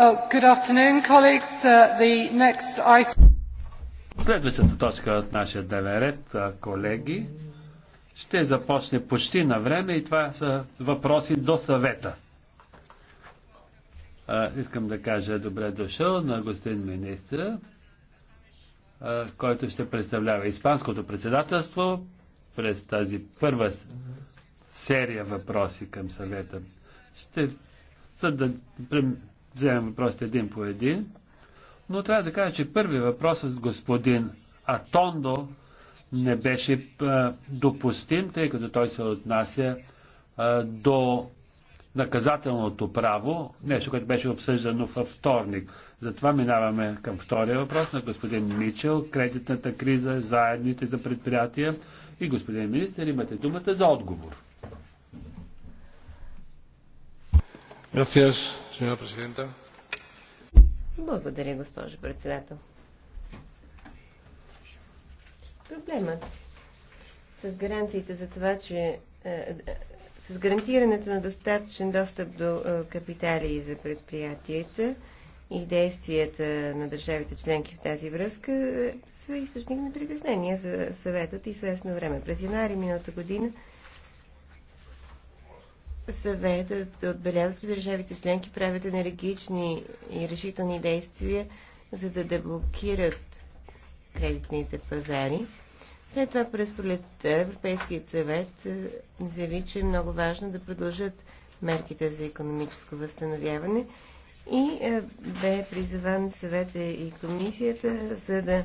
Следващата oh, uh, точка от нашия дневен ред, колеги, ще започне почти на време и това са въпроси до съвета. Искам да кажа добре дошъл на господин министра, който ще представлява Испанското председателство през тази първа серия въпроси към съвета. Ще за да вземем въпросите един по един, но трябва да кажа, че първи въпрос с господин Атондо не беше а, допустим, тъй като той се отнася а, до наказателното право, нещо, което беше обсъждано във вторник. Затова минаваме към втория въпрос на господин Мичел, кредитната криза, заедните за предприятия. И господин министр, имате думата за отговор. Благодаря, госпожо председател. Проблемът с гаранциите за това, че е, е, с гарантирането на достатъчен достъп до е, капитали за предприятията и действията на държавите членки в тази връзка са източник на притеснения за съветът и съвестно време. През януари миналата година Съветът отбеляза, че държавите членки правят енергични и решителни действия, за да деблокират кредитните пазари. След това през пролетта Европейският съвет е, заяви, че е много важно да продължат мерките за економическо възстановяване и е, бе призован съвета и комисията, за да,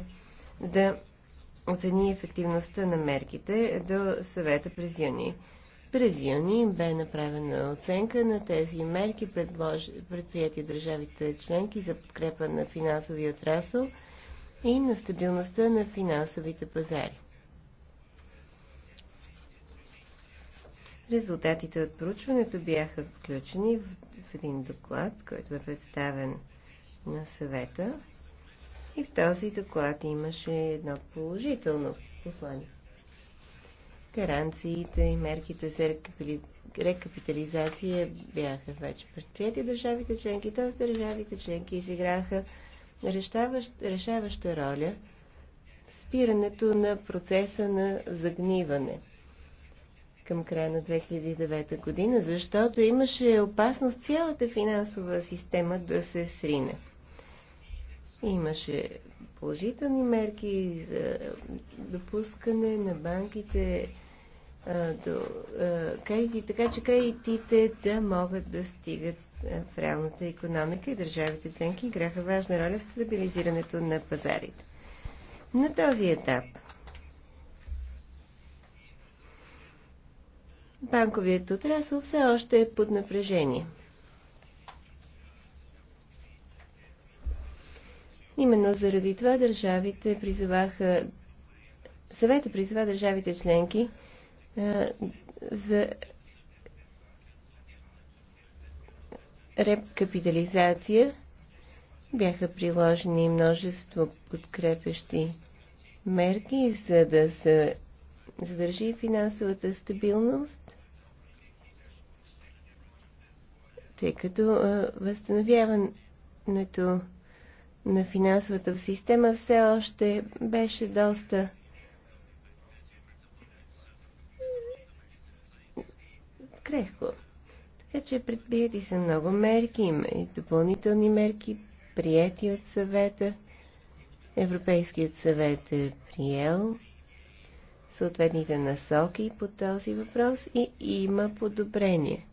да оцени ефективността на мерките до съвета през юни. През юни бе направена оценка на тези мерки, предлож... предприяти държавите членки за подкрепа на финансовия отрасъл и на стабилността на финансовите пазари. Резултатите от проучването бяха включени в един доклад, който е представен на съвета. И в този доклад имаше едно положително послание гаранциите и мерките за рекапитализация бяха вече предприяти държавите членки, т.е. държавите членки изиграха решаващ, решаваща роля в спирането на процеса на загниване към края на 2009 година, защото имаше опасност цялата финансова система да се срине. Имаше положителни мерки за допускане на банките до кредити, така че кредитите да могат да стигат в реалната економика и държавите членки играха важна роля в стабилизирането на пазарите. На този етап банковият отрасъл все още е под напрежение. Именно заради това държавите призваха, Съвета призва държавите членки е, за репкапитализация бяха приложени множество подкрепещи мерки, за да се задържи финансовата стабилност, тъй като е, възстановяването на финансовата система все още беше доста крехко. Така че предприяти са много мерки, има и допълнителни мерки, прияти от съвета. Европейският съвет е приел съответните насоки по този въпрос и има подобрение.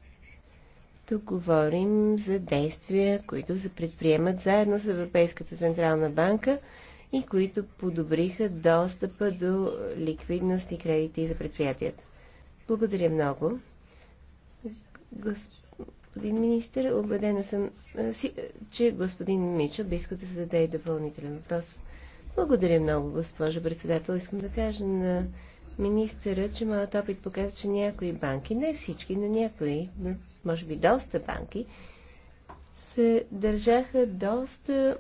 Тук говорим за действия, които се предприемат заедно с Европейската Централна банка и които подобриха достъпа до ликвидност и кредити за предприятията. Благодаря много. Господин министр, убедена съм, че господин Мичо би искал да зададе и допълнителен въпрос. Благодаря много, госпожо председател. Искам да кажа на министъра, че моят опит показва, че някои банки, не всички, но някои, но може би доста банки, се държаха доста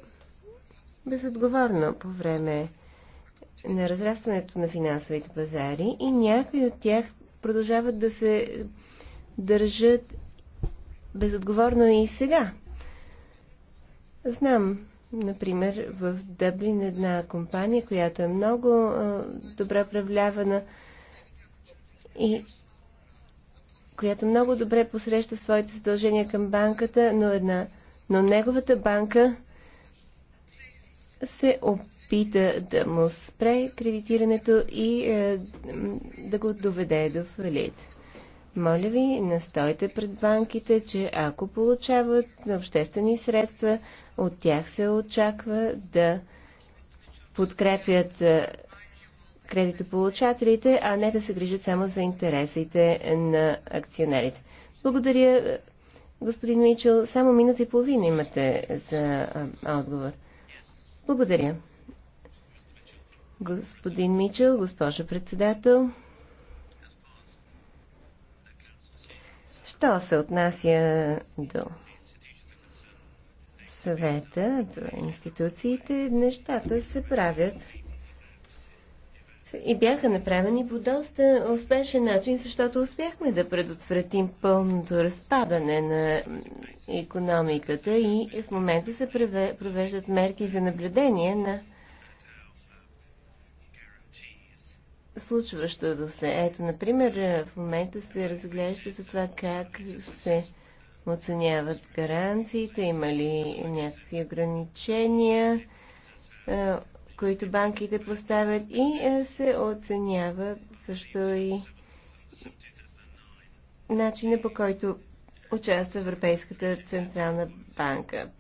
безотговорно по време на разрастването на финансовите пазари и някои от тях продължават да се държат безотговорно и сега. Знам, например, в Дъблин една компания, която е много а, добре управлявана и която много добре посреща своите задължения към банката, но, една, но неговата банка се опита да му спре кредитирането и е, да го доведе до фалит. Моля ви, настойте пред банките, че ако получават обществени средства, от тях се очаква да подкрепят кредитополучателите, а не да се грижат само за интересите на акционерите. Благодаря, господин Мичел. Само минута и половина имате за отговор. Благодаря. Господин Мичел, госпожо председател. Що се отнася до съвета, до институциите, нещата се правят и бяха направени по доста успешен начин, защото успяхме да предотвратим пълното разпадане на економиката и в момента се провеждат мерки за наблюдение на случващото се. Ето, например, е, в момента се разглежда за това как се оценяват гаранциите, има ли някакви ограничения, е, които банките поставят и е, се оценяват също и начина по който участва Европейската Централна банка.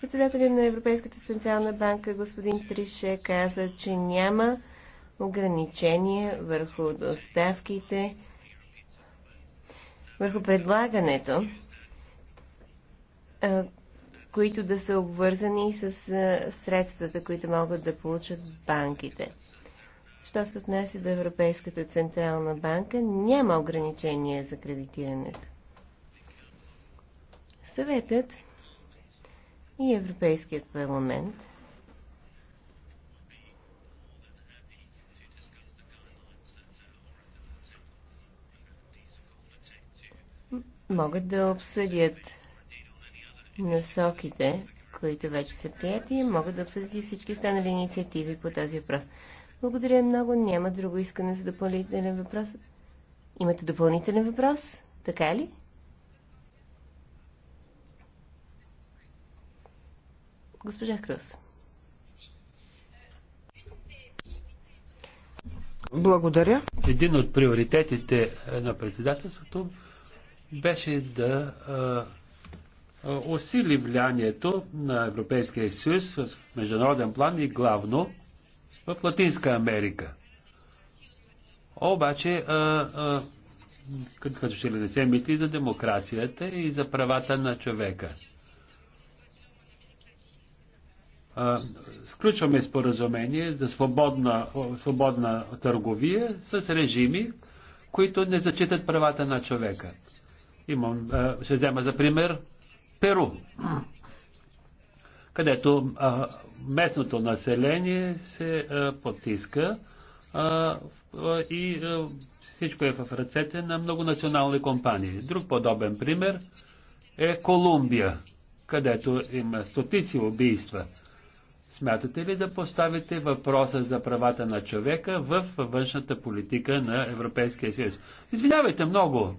Председателят на Европейската Централна банка господин Трише каза, че няма ограничения върху доставките, върху предлагането, които да са обвързани с средствата, които могат да получат банките. Що се отнася до Европейската Централна банка, няма ограничения за кредитирането. Съветът и Европейският парламент – могат да обсъдят насоките, които вече са прияти, могат да обсъдят и всички останали инициативи по този въпрос. Благодаря много. Няма друго искане за допълнителен въпрос. Имате допълнителен въпрос? Така е ли? Госпожа Крус. Благодаря. Един от приоритетите на председателството беше да усили влиянието на Европейския съюз в международен план и главно в Латинска Америка. Обаче, като ще ли не се мисли за демокрацията и за правата на човека. А, сключваме споразумение за свободна, свободна търговия с режими, които не зачитат правата на човека. Имам, ще взема за пример Перу, където местното население се потиска и всичко е в ръцете на многонационални компании. Друг подобен пример е Колумбия, където има стотици убийства. Смятате ли да поставите въпроса за правата на човека в външната политика на Европейския съюз? Извинявайте много,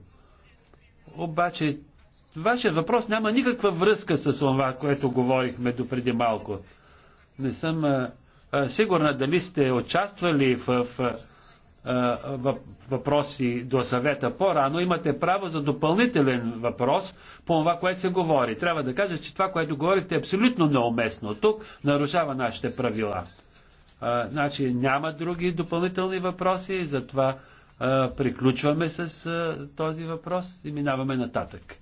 обаче, вашия въпрос няма никаква връзка с това, което говорихме до преди малко. Не съм а, а, сигурна дали сте участвали в, в, а, в въпроси до съвета по-рано. Имате право за допълнителен въпрос по това, което се говори. Трябва да кажа, че това, което говорихте е абсолютно неуместно. Тук нарушава нашите правила. А, значи няма други допълнителни въпроси, затова приключваме с този въпрос и минаваме нататък.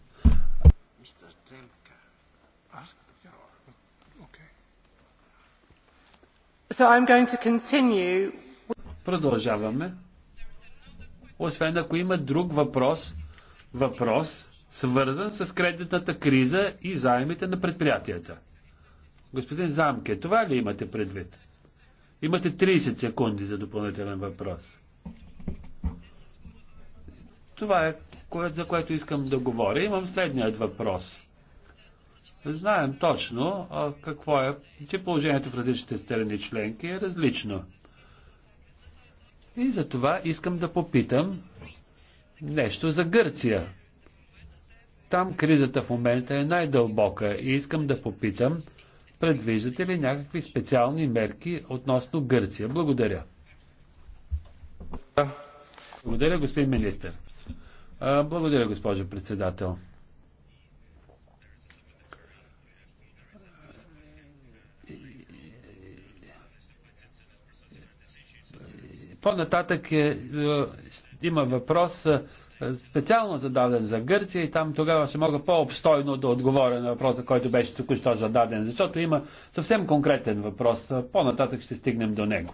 So I'm going to continue. Продължаваме. Освен ако има друг въпрос, въпрос свързан с кредитната криза и заемите на предприятията. Господин Замке, това ли имате предвид? Имате 30 секунди за допълнителен въпрос. Това е кое, за което искам да говоря. Имам следният въпрос. Знаем точно а, какво е, че положението в различните страни членки е различно. И за това искам да попитам нещо за Гърция. Там кризата в момента е най-дълбока и искам да попитам, предвиждате ли някакви специални мерки относно Гърция? Благодаря. Благодаря, господин министър. Благодаря, госпожо председател. По-нататък е, е има въпрос е, специално зададен за Гърция и там тогава ще мога по-обстойно да отговоря на въпроса, който беше току-що зададен, защото има съвсем конкретен въпрос. Е, по-нататък ще стигнем до него.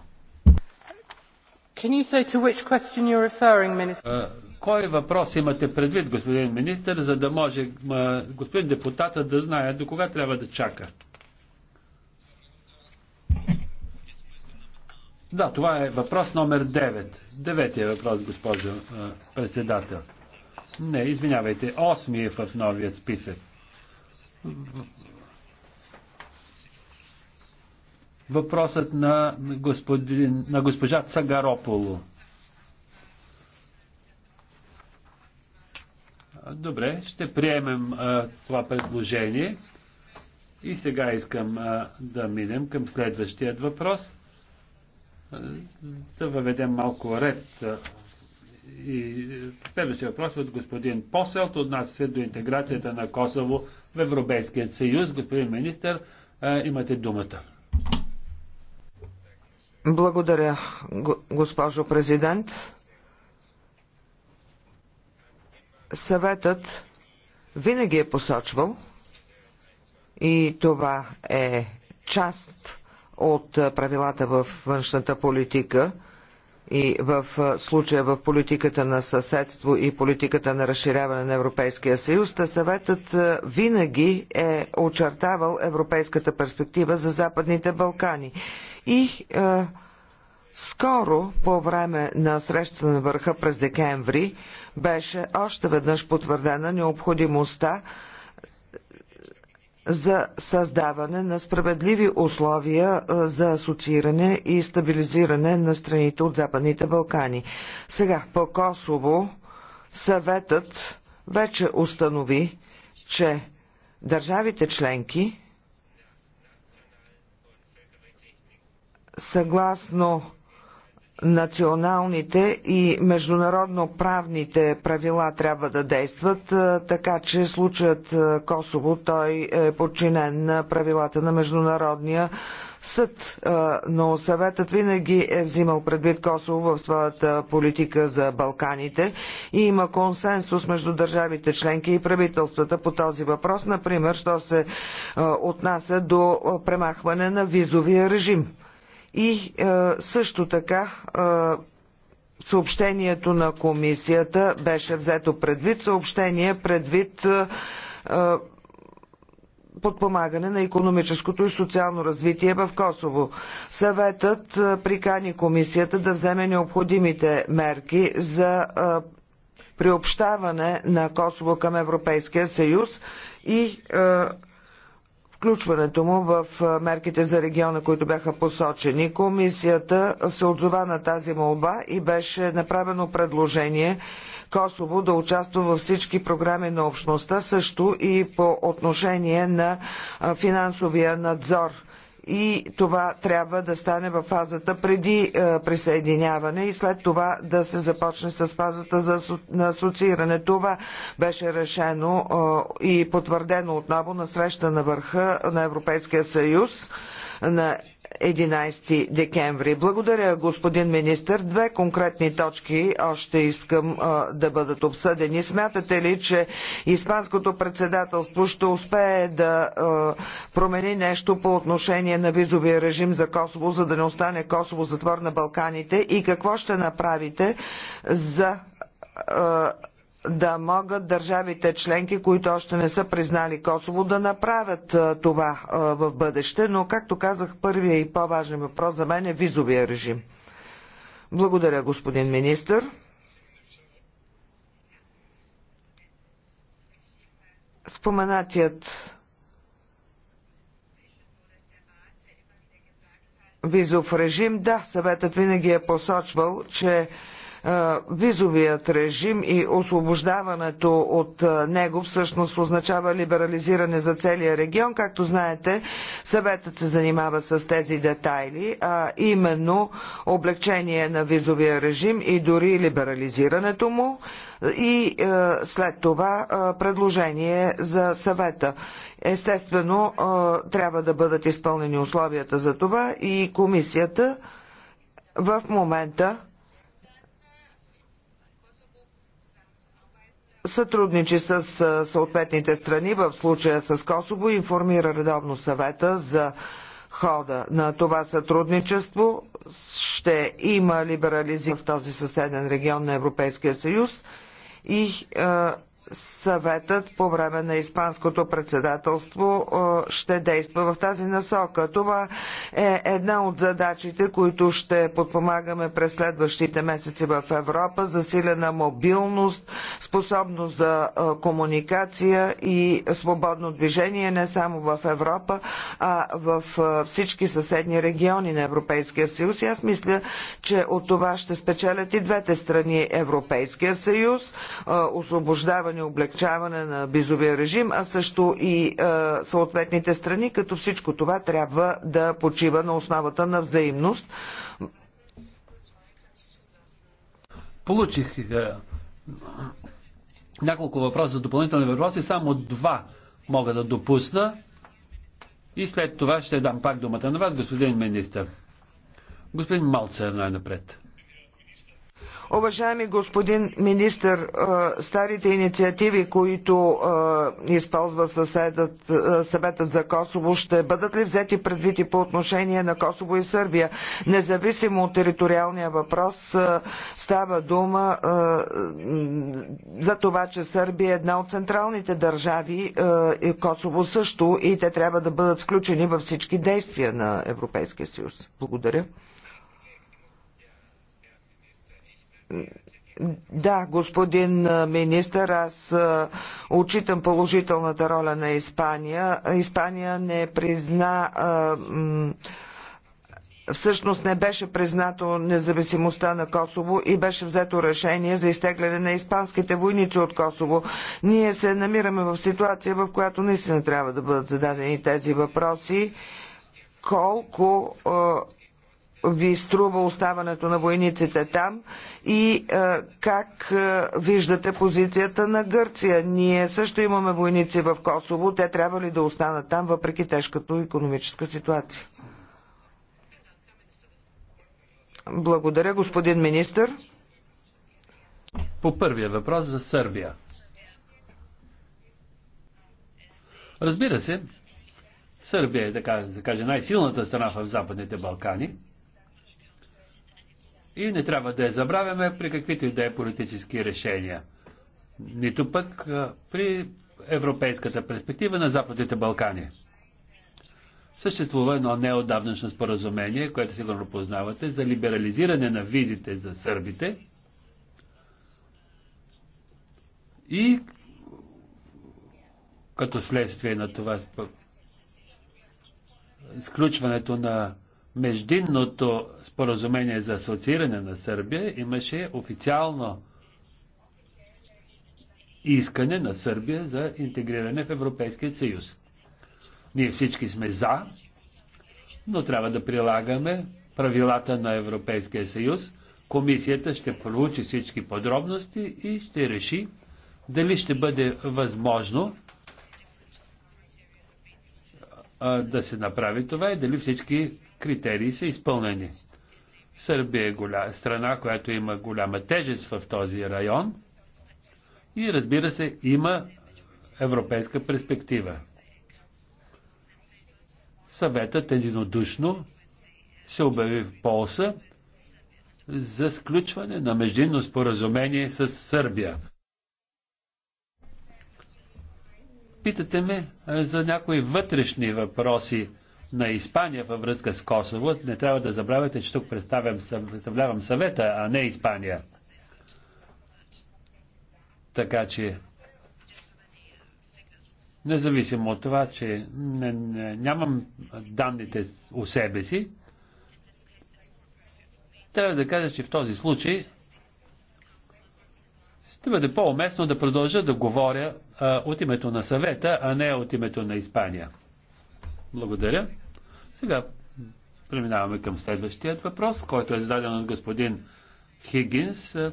Е, кой въпрос имате предвид, господин министр, за да може е, господин депутата да знае до кога трябва да чака? Да, това е въпрос номер 9. Деветия въпрос, госпожо е, председател. Не, извинявайте, осми е в новия списък. въпросът на, господин, на госпожа Цагарополо. Добре, ще приемем а, това предложение. И сега искам а, да минем към следващият въпрос. А, да въведем малко ред. А, и следващия въпрос е от господин Поселт нас се до интеграцията на Косово в Европейския съюз. Господин министр, а, имате думата. Благодаря, госпожо президент. Съветът винаги е посочвал, и това е част от правилата в външната политика и в случая в политиката на съседство и политиката на разширяване на Европейския съюз, та съветът винаги е очертавал европейската перспектива за Западните Балкани и е, скоро по време на среща на върха през декември беше още веднъж потвърдена необходимостта за създаване на справедливи условия е, за асоцииране и стабилизиране на страните от Западните Балкани. Сега по Косово съветът вече установи, че държавите членки съгласно националните и международно правните правила трябва да действат, така че случаят Косово той е подчинен на правилата на Международния съд, но съветът винаги е взимал предвид Косово в своята политика за Балканите и има консенсус между държавите членки и правителствата по този въпрос, например, що се отнася до премахване на визовия режим и е, също така е, съобщението на комисията беше взето предвид. Съобщение предвид е, подпомагане на економическото и социално развитие в Косово. Съветът прикани комисията да вземе необходимите мерки за приобщаване на Косово към Европейския съюз и включването му в мерките за региона, които бяха посочени. Комисията се отзова на тази молба и беше направено предложение Косово да участва във всички програми на общността, също и по отношение на финансовия надзор и това трябва да стане в фазата преди е, присъединяване и след това да се започне с фазата за, на асоцииране. Това беше решено е, и потвърдено отново на среща на върха на Европейския съюз на 11 декември. Благодаря, господин министр. Две конкретни точки още искам а, да бъдат обсъдени. Смятате ли, че Испанското председателство ще успее да а, промени нещо по отношение на визовия режим за Косово, за да не остане Косово затвор на Балканите? И какво ще направите за а, да могат държавите членки, които още не са признали Косово, да направят това в бъдеще. Но, както казах, първия и по-важен въпрос за мен е визовия режим. Благодаря, господин министър. Споменатият визов режим, да, съветът винаги е посочвал, че визовият режим и освобождаването от него всъщност означава либерализиране за целия регион. Както знаете, съветът се занимава с тези детайли, а именно облегчение на визовия режим и дори либерализирането му и след това предложение за съвета. Естествено, трябва да бъдат изпълнени условията за това и комисията в момента сътрудничи с съответните страни, в случая с Косово, информира редовно съвета за хода на това сътрудничество. Ще има либерализи в този съседен регион на Европейския съюз и съветът по време на испанското председателство е, ще действа в тази насока. Това е една от задачите, които ще подпомагаме през следващите месеци в Европа. Засилена мобилност, способност за е, комуникация и свободно движение не само в Европа, а в е, всички съседни региони на Европейския съюз. И аз мисля, че от това ще спечелят и двете страни Европейския съюз, освобождаване ускоряване, облегчаване на визовия режим, а също и е, съответните страни, като всичко това трябва да почива на основата на взаимност. Получих да, е, няколко въпроса за допълнителни въпроси, само два мога да допусна и след това ще дам пак думата на вас, господин министър. Господин Малцер най-напред. Уважаеми господин министр, старите инициативи, които използва съседът, съветът за Косово, ще бъдат ли взети предвид и по отношение на Косово и Сърбия? Независимо от териториалния въпрос, става дума за това, че Сърбия е една от централните държави, и Косово също, и те трябва да бъдат включени във всички действия на Европейския съюз. Благодаря. Да, господин министър, аз отчитам положителната роля на Испания. Испания не призна всъщност не беше признато независимостта на Косово и беше взето решение за изтегляне на испанските войници от Косово. Ние се намираме в ситуация, в която наистина трябва да бъдат зададени тези въпроси. Колко ви струва оставането на войниците там и е, как е, виждате позицията на Гърция. Ние също имаме войници в Косово. Те трябва ли да останат там, въпреки тежката економическа ситуация? Благодаря, господин министър. По първия въпрос за Сърбия. Разбира се, Сърбия е, така да кажа, най-силната страна в Западните Балкани – и не трябва да я забравяме при каквито и да е политически решения. Нито пък при европейската перспектива на Западните Балкани. Съществува едно неодавнашно споразумение, което сигурно познавате, за либерализиране на визите за сърбите и като следствие на това сключването на междинното споразумение за асоцииране на Сърбия имаше официално искане на Сърбия за интегриране в Европейския съюз. Ние всички сме за, но трябва да прилагаме правилата на Европейския съюз. Комисията ще проучи всички подробности и ще реши дали ще бъде възможно да се направи това и дали всички критерии са изпълнени. Сърбия е голя... страна, която има голяма тежест в този район и разбира се има европейска перспектива. Съветът единодушно се обяви в полса за сключване на междинно споразумение с Сърбия. Питате ме за някои вътрешни въпроси на Испания във връзка с Косово, не трябва да забравяте, че тук представям, представлявам съвета, а не Испания. Така че, независимо от това, че не, не, нямам данните у себе си, трябва да кажа, че в този случай ще бъде по-уместно да продължа да говоря а, от името на съвета, а не от името на Испания. Благодаря. Сега преминаваме към следващият въпрос, който е зададен от господин Хигинс. Е,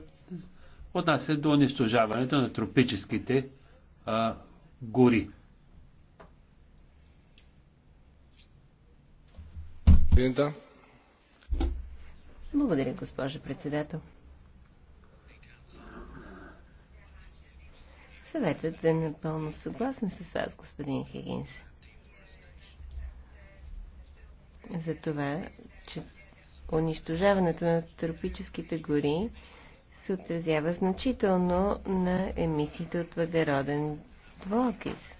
отнася до унищожаването на тропическите а, гори. Благодаря, госпожа председател. Съветът е напълно съгласен с вас, господин Хигинс за това, че унищожаването на тропическите гори се отразява значително на емисиите от въглероден двуокис.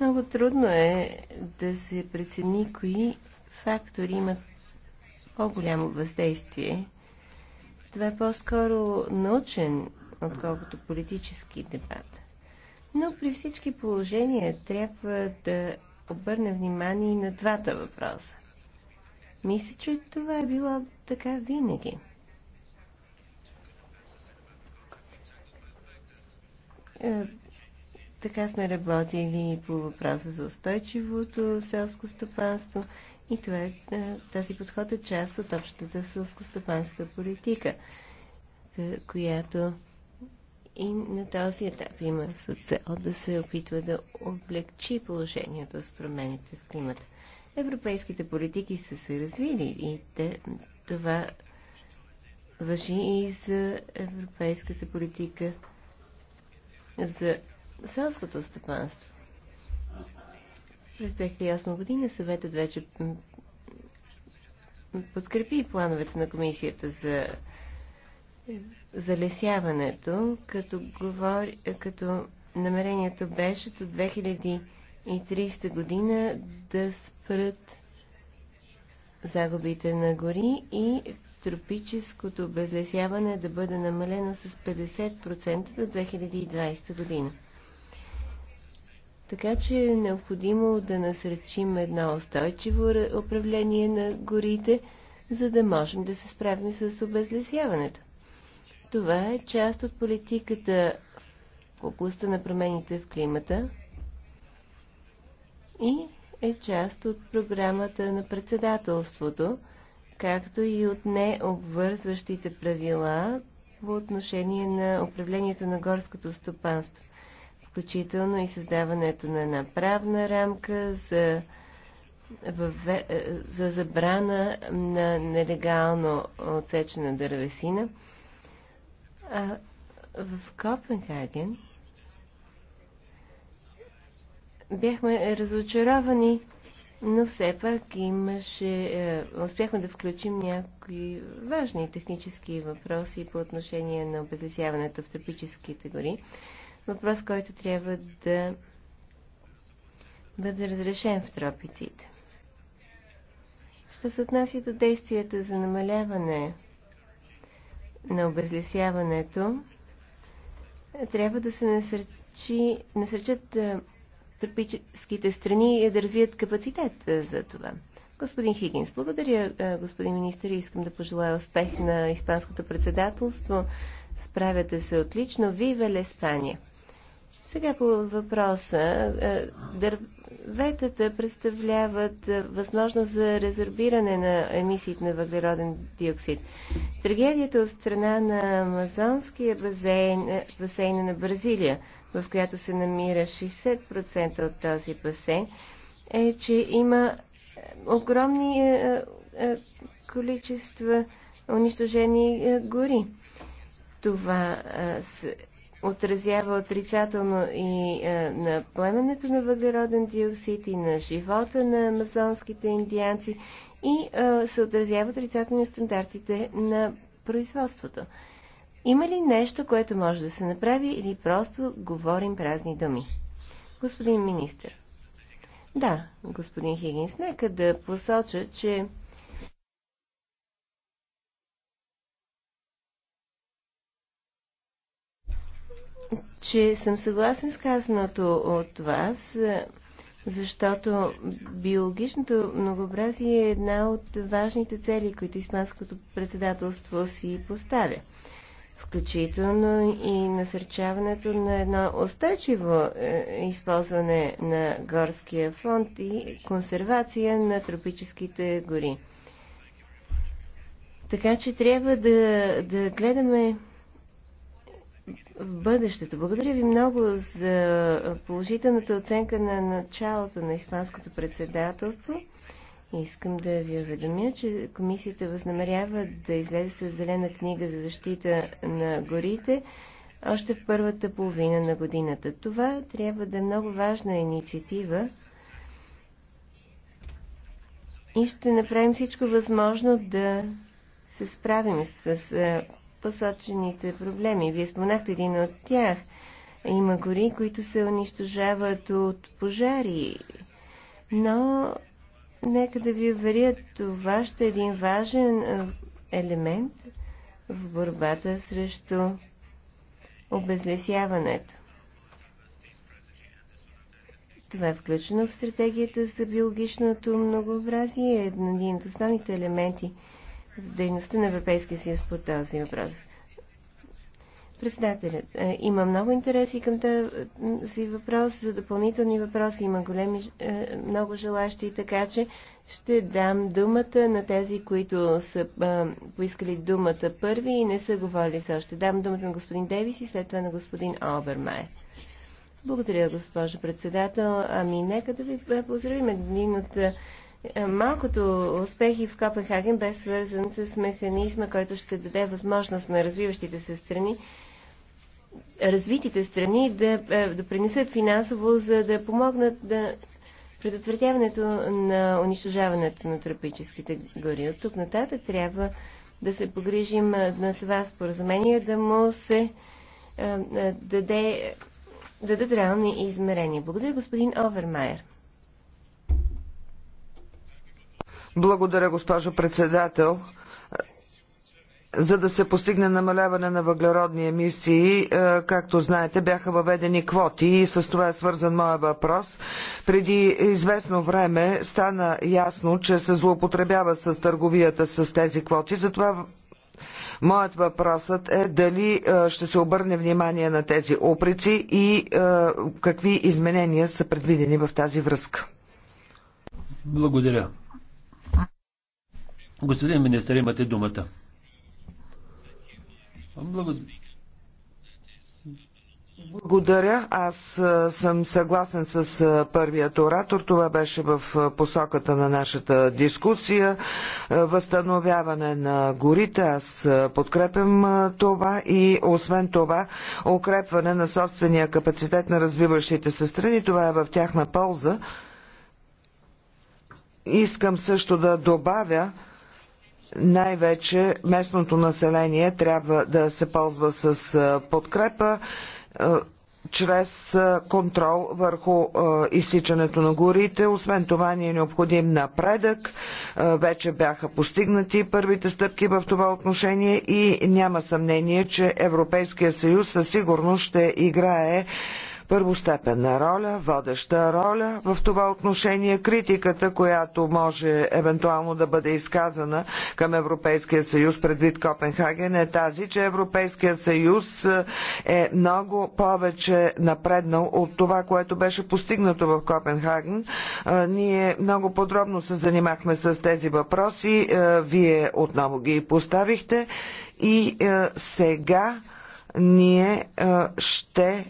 Много трудно е да се прецени кои фактори имат по-голямо въздействие. Това е по-скоро научен, отколкото политически дебат. Но при всички положения трябва да обърне внимание и на двата въпроса. Мисля, че това е било така винаги. Е, така сме работили по въпроса за устойчивото селско стопанство и това е, е тази подход е част от общата селско-стопанска политика, е, която и на този етап има с цел да се опитва да облегчи положението с промените в климата европейските политики са се развили и те, това въжи и за европейската политика за селското стопанство. През 2008 година съветът вече подкрепи плановете на комисията за залесяването, като, говори, като намерението беше до 2000 2030 година да спрат загубите на гори и тропическото обезлесяване да бъде намалено с 50% до 2020 година. Така че е необходимо да насречим едно устойчиво управление на горите, за да можем да се справим с обезлесяването. Това е част от политиката в областта на промените в климата – и е част от програмата на председателството, както и от необвързващите правила по отношение на управлението на горското стопанство, включително и създаването на една правна рамка за, за забрана на нелегално отсечена дървесина. А в Копенхаген бяхме разочаровани, но все пак имаше, е, успяхме да включим някои важни технически въпроси по отношение на обезлесяването в тропическите гори. Въпрос, който трябва да бъде разрешен в тропиците. Що се отнася до действията за намаляване на обезлесяването, трябва да се насърчи, насърчат е, тропическите страни е да развият капацитет е, за това. Господин Хигинс, благодаря, е, господин министр. Искам да пожелая успех на Испанското председателство. Справяте се отлично. Вивел Испания! Сега по въпроса. Дърветата представляват възможност за резорбиране на емисиите на въглероден диоксид. Трагедията от страна на Амазонския басейн, басейна на Бразилия в която се намира 60% от този басейн, е, че има е, огромни е, е, количества унищожени гори. Това се отразява отрицателно и на племенето на въглероден диоксид и на живота на амазонските индианци и се отразява отрицателно на стандартите на производството. Има ли нещо, което може да се направи или просто говорим празни думи? Господин министр. Да, господин Хигинс, нека да посоча, че че съм съгласен с казаното от вас, защото биологичното многообразие е една от важните цели, които Испанското председателство си поставя включително и насърчаването на едно устойчиво е, използване на горския фонд и консервация на тропическите гори. Така че трябва да, да гледаме в бъдещето. Благодаря ви много за положителната оценка на началото на Испанското председателство. Искам да ви уведомя, че комисията възнамерява да излезе с зелена книга за защита на горите още в първата половина на годината. Това трябва да е много важна инициатива и ще направим всичко възможно да се справим с е, посочените проблеми. Вие споменахте един от тях. Има гори, които се унищожават от пожари, но Нека да ви уверя, това ще е един важен е, елемент в борбата срещу обезлесяването. Това е включено в стратегията за биологичното многообразие, е един от основните елементи в дейността на Европейския съюз по този въпрос. Председателят, е, има много интереси към този въпрос. За допълнителни въпроси има големи, е, много желащи, така че ще дам думата на тези, които са поискали думата първи и не са говорили все още. Дам думата на господин Девис и след това на господин Обермай. Благодаря, госпожо председател. Ами, нека да ви е, поздравим един от малкото успехи в Копенхаген бе свързан с механизма, който ще даде възможност на развиващите се страни развитите страни да е, да принесат финансово, за да помогнат да предотвратяването на унищожаването на тропическите гори. От тук нататък трябва да се погрижим е, на това споразумение, да му се е, даде, да дадат реални измерения. Благодаря, господин Овермайер. Благодаря, госпожо председател за да се постигне намаляване на въглеродни емисии, е, както знаете, бяха въведени квоти и с това е свързан моя въпрос. Преди известно време стана ясно, че се злоупотребява с търговията с тези квоти, затова Моят въпросът е дали е, ще се обърне внимание на тези оприци и е, какви изменения са предвидени в тази връзка. Благодаря. Господин министър, имате думата. Благодаря. Аз съм съгласен с първият оратор. Това беше в посоката на нашата дискусия. Възстановяване на горите. Аз подкрепям това и освен това укрепване на собствения капацитет на развиващите се страни. Това е в тяхна полза. Искам също да добавя, най-вече местното население трябва да се ползва с подкрепа чрез контрол върху изсичането на горите. Освен това ни е необходим напредък. Вече бяха постигнати първите стъпки в това отношение и няма съмнение, че Европейския съюз със сигурност ще играе първостепенна роля, водеща роля в това отношение. Критиката, която може евентуално да бъде изказана към Европейския съюз предвид Копенхаген е тази, че Европейския съюз е много повече напреднал от това, което беше постигнато в Копенхаген. Ние много подробно се занимахме с тези въпроси. Вие отново ги поставихте. И сега ние ще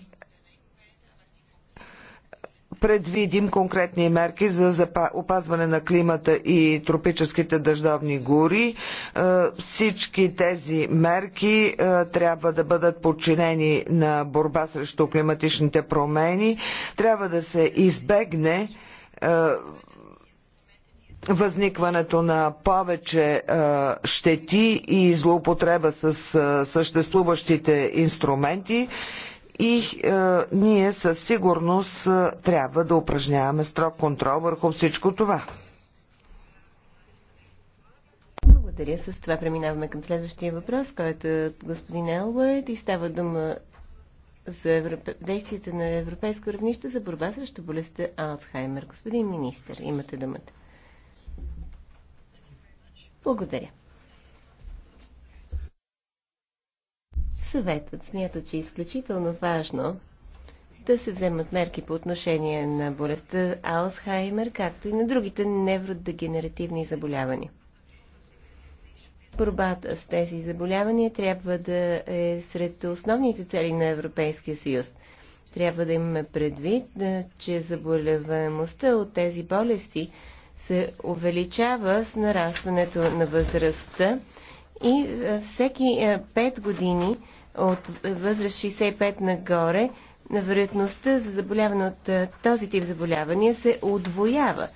предвидим конкретни мерки за опазване на климата и тропическите дъждовни гори. Е, всички тези мерки е, трябва да бъдат подчинени на борба срещу климатичните промени. Трябва да се избегне е, възникването на повече а, щети и злоупотреба с а, съществуващите инструменти и е, ние със сигурност е, трябва да упражняваме строг контрол върху всичко това. Благодаря. С това преминаваме към следващия въпрос, който е от господин Елвард и става дума за европе... действията на европейско равнище за борба срещу болестта Алцхаймер. Господин министр, имате думата. Благодаря. Съветът смята, че е изключително важно да се вземат мерки по отношение на болестта Алцхаймер, както и на другите невродегенеративни заболявания. Борбата с тези заболявания трябва да е сред основните цели на Европейския съюз. Трябва да имаме предвид, че заболеваемостта от тези болести се увеличава с нарастването на възрастта и всеки 5 години от възраст 65 нагоре, вероятността за заболяване от този тип заболявания се отвоява.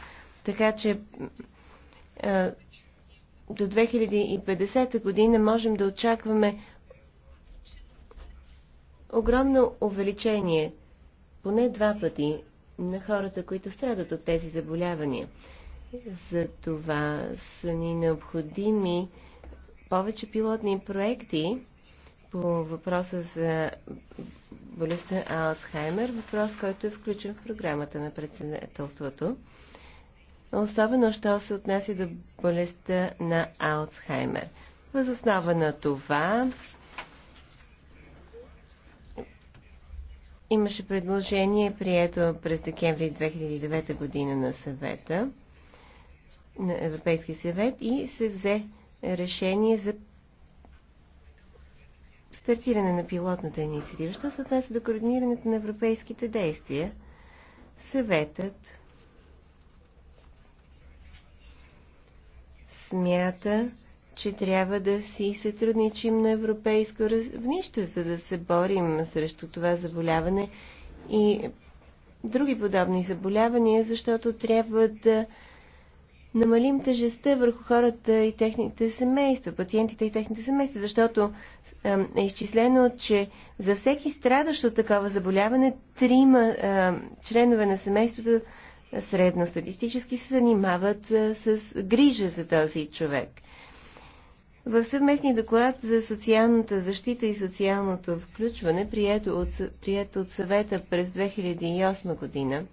Така че до 2050 година можем да очакваме огромно увеличение, поне два пъти, на хората, които страдат от тези заболявания. За това са ни необходими повече пилотни проекти, по въпроса за болестта Алцхаймер, въпрос, който е включен в програмата на председателството, особено, що се отнася до болестта на Алцхаймер. Възоснова на това имаше предложение, прието през декември 2009 година на съвета, на Европейски съвет и се взе решение за стартиране на пилотната инициатива. Що се отнася до координирането на европейските действия, съветът смята, че трябва да си сътрудничим на европейско равнище, за да се борим срещу това заболяване и други подобни заболявания, защото трябва да намалим тежестта върху хората и техните семейства, пациентите и техните семейства, защото е изчислено, че за всеки страдащ от такова заболяване трима членове на семейството средно статистически се занимават с грижа за този човек. В съвместния доклад за социалната защита и социалното включване, прието от, прието от съвета през 2008 година,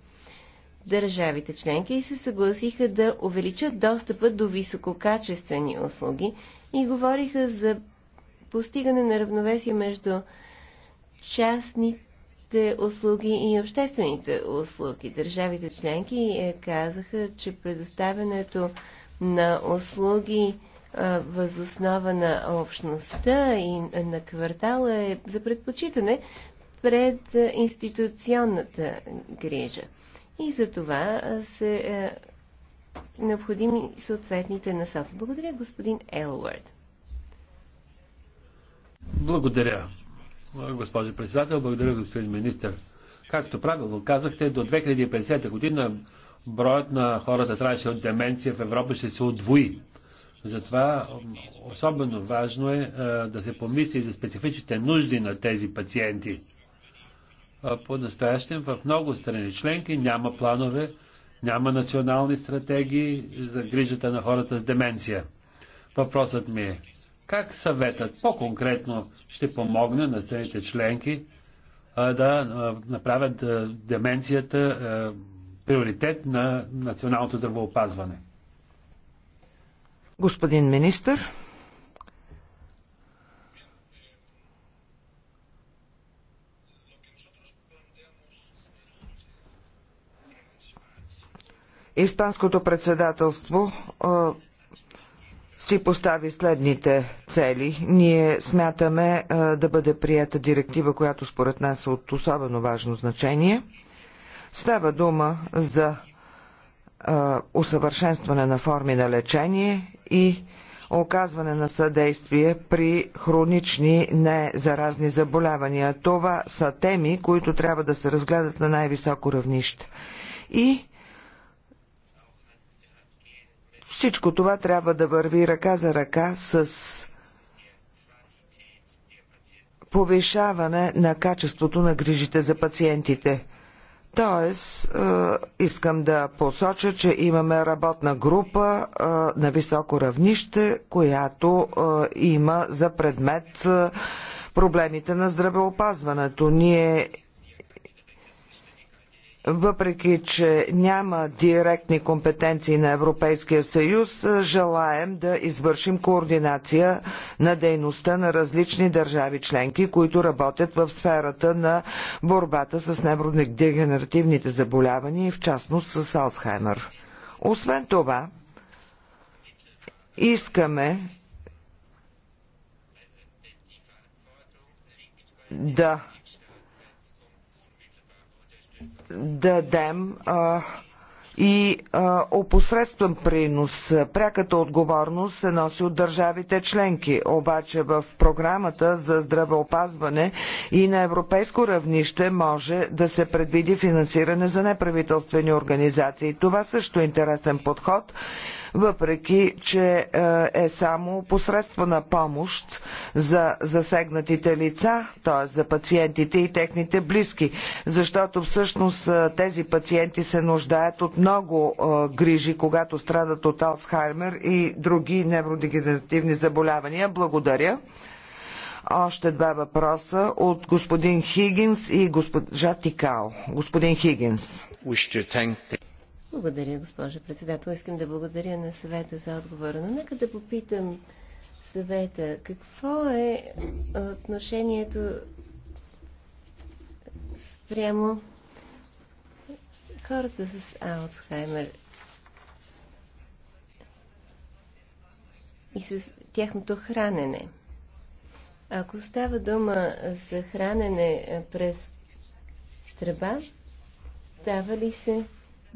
държавите членки се съгласиха да увеличат достъпа до висококачествени услуги и говориха за постигане на равновесие между частните услуги и обществените услуги. Държавите членки е, казаха, че предоставянето на услуги възоснова на общността и на квартала е за предпочитане пред институционната грижа и за това се е, необходими съответните насоки. Благодаря, господин Елвард. Благодаря, госпожо председател, благодаря, господин министр. Както правило казахте, до 2050 година броят на хората трябваше от деменция в Европа ще се удвои. Затова особено важно е, е да се помисли за специфичните нужди на тези пациенти по-настоящем в много страни членки няма планове, няма национални стратегии за грижата на хората с деменция. Въпросът ми е, как съветът по-конкретно ще помогне на страните членки да направят деменцията приоритет на националното здравоопазване? Господин министър, Испанското председателство си постави следните цели. Ние смятаме да бъде прията директива, която според нас е от особено важно значение. Става дума за усъвършенстване на форми на лечение и оказване на съдействие при хронични незаразни заболявания. Това са теми, които трябва да се разгледат на най-високо равнище. И всичко това трябва да върви ръка за ръка с повишаване на качеството на грижите за пациентите. Тоест, е, искам да посоча, че имаме работна група е, на високо равнище, която е, има за предмет проблемите на здравеопазването. Ние въпреки че няма директни компетенции на Европейския съюз, желаем да извършим координация на дейността на различни държави членки, които работят в сферата на борбата с невродегенеративните заболявания и в частност с Алцхаймер. Освен това, искаме да дадем а, и а, опосредствен принос. Пряката отговорност се носи от държавите членки. Обаче в програмата за здравеопазване и на европейско равнище може да се предвиди финансиране за неправителствени организации. Това също е интересен подход въпреки че е, е само посредствена помощ за засегнатите лица, т.е. за пациентите и техните близки, защото всъщност е, тези пациенти се нуждаят от много е, грижи, когато страдат от Алцхаймер и други невродегенеративни заболявания. Благодаря още два въпроса от господин Хигинс и госпожа Тикао. Господин Хигинс. Благодаря, госпожа председател. Искам да благодаря на съвета за отговора, но нека да попитам съвета какво е отношението спрямо хората с Алцхаймер и с тяхното хранене. Ако става дума за хранене през тръба, става ли се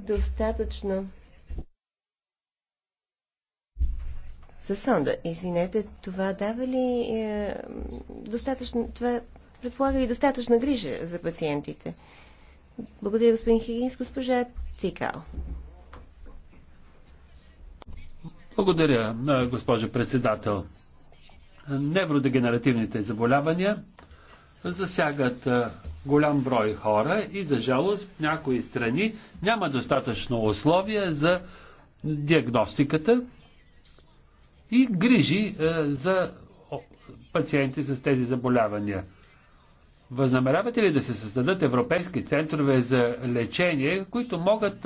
достатъчно за сонда. Извинете, това дава ли е, достатъчно, това предполага ли достатъчна грижа за пациентите? Благодаря, господин Хигинс. Госпожа Цикал. Благодаря, е, госпожо председател. Невродегенеративните заболявания засягат голям брой хора и за жалост в някои страни няма достатъчно условия за диагностиката и грижи за пациенти с тези заболявания. Възнамерявате ли да се създадат европейски центрове за лечение, които могат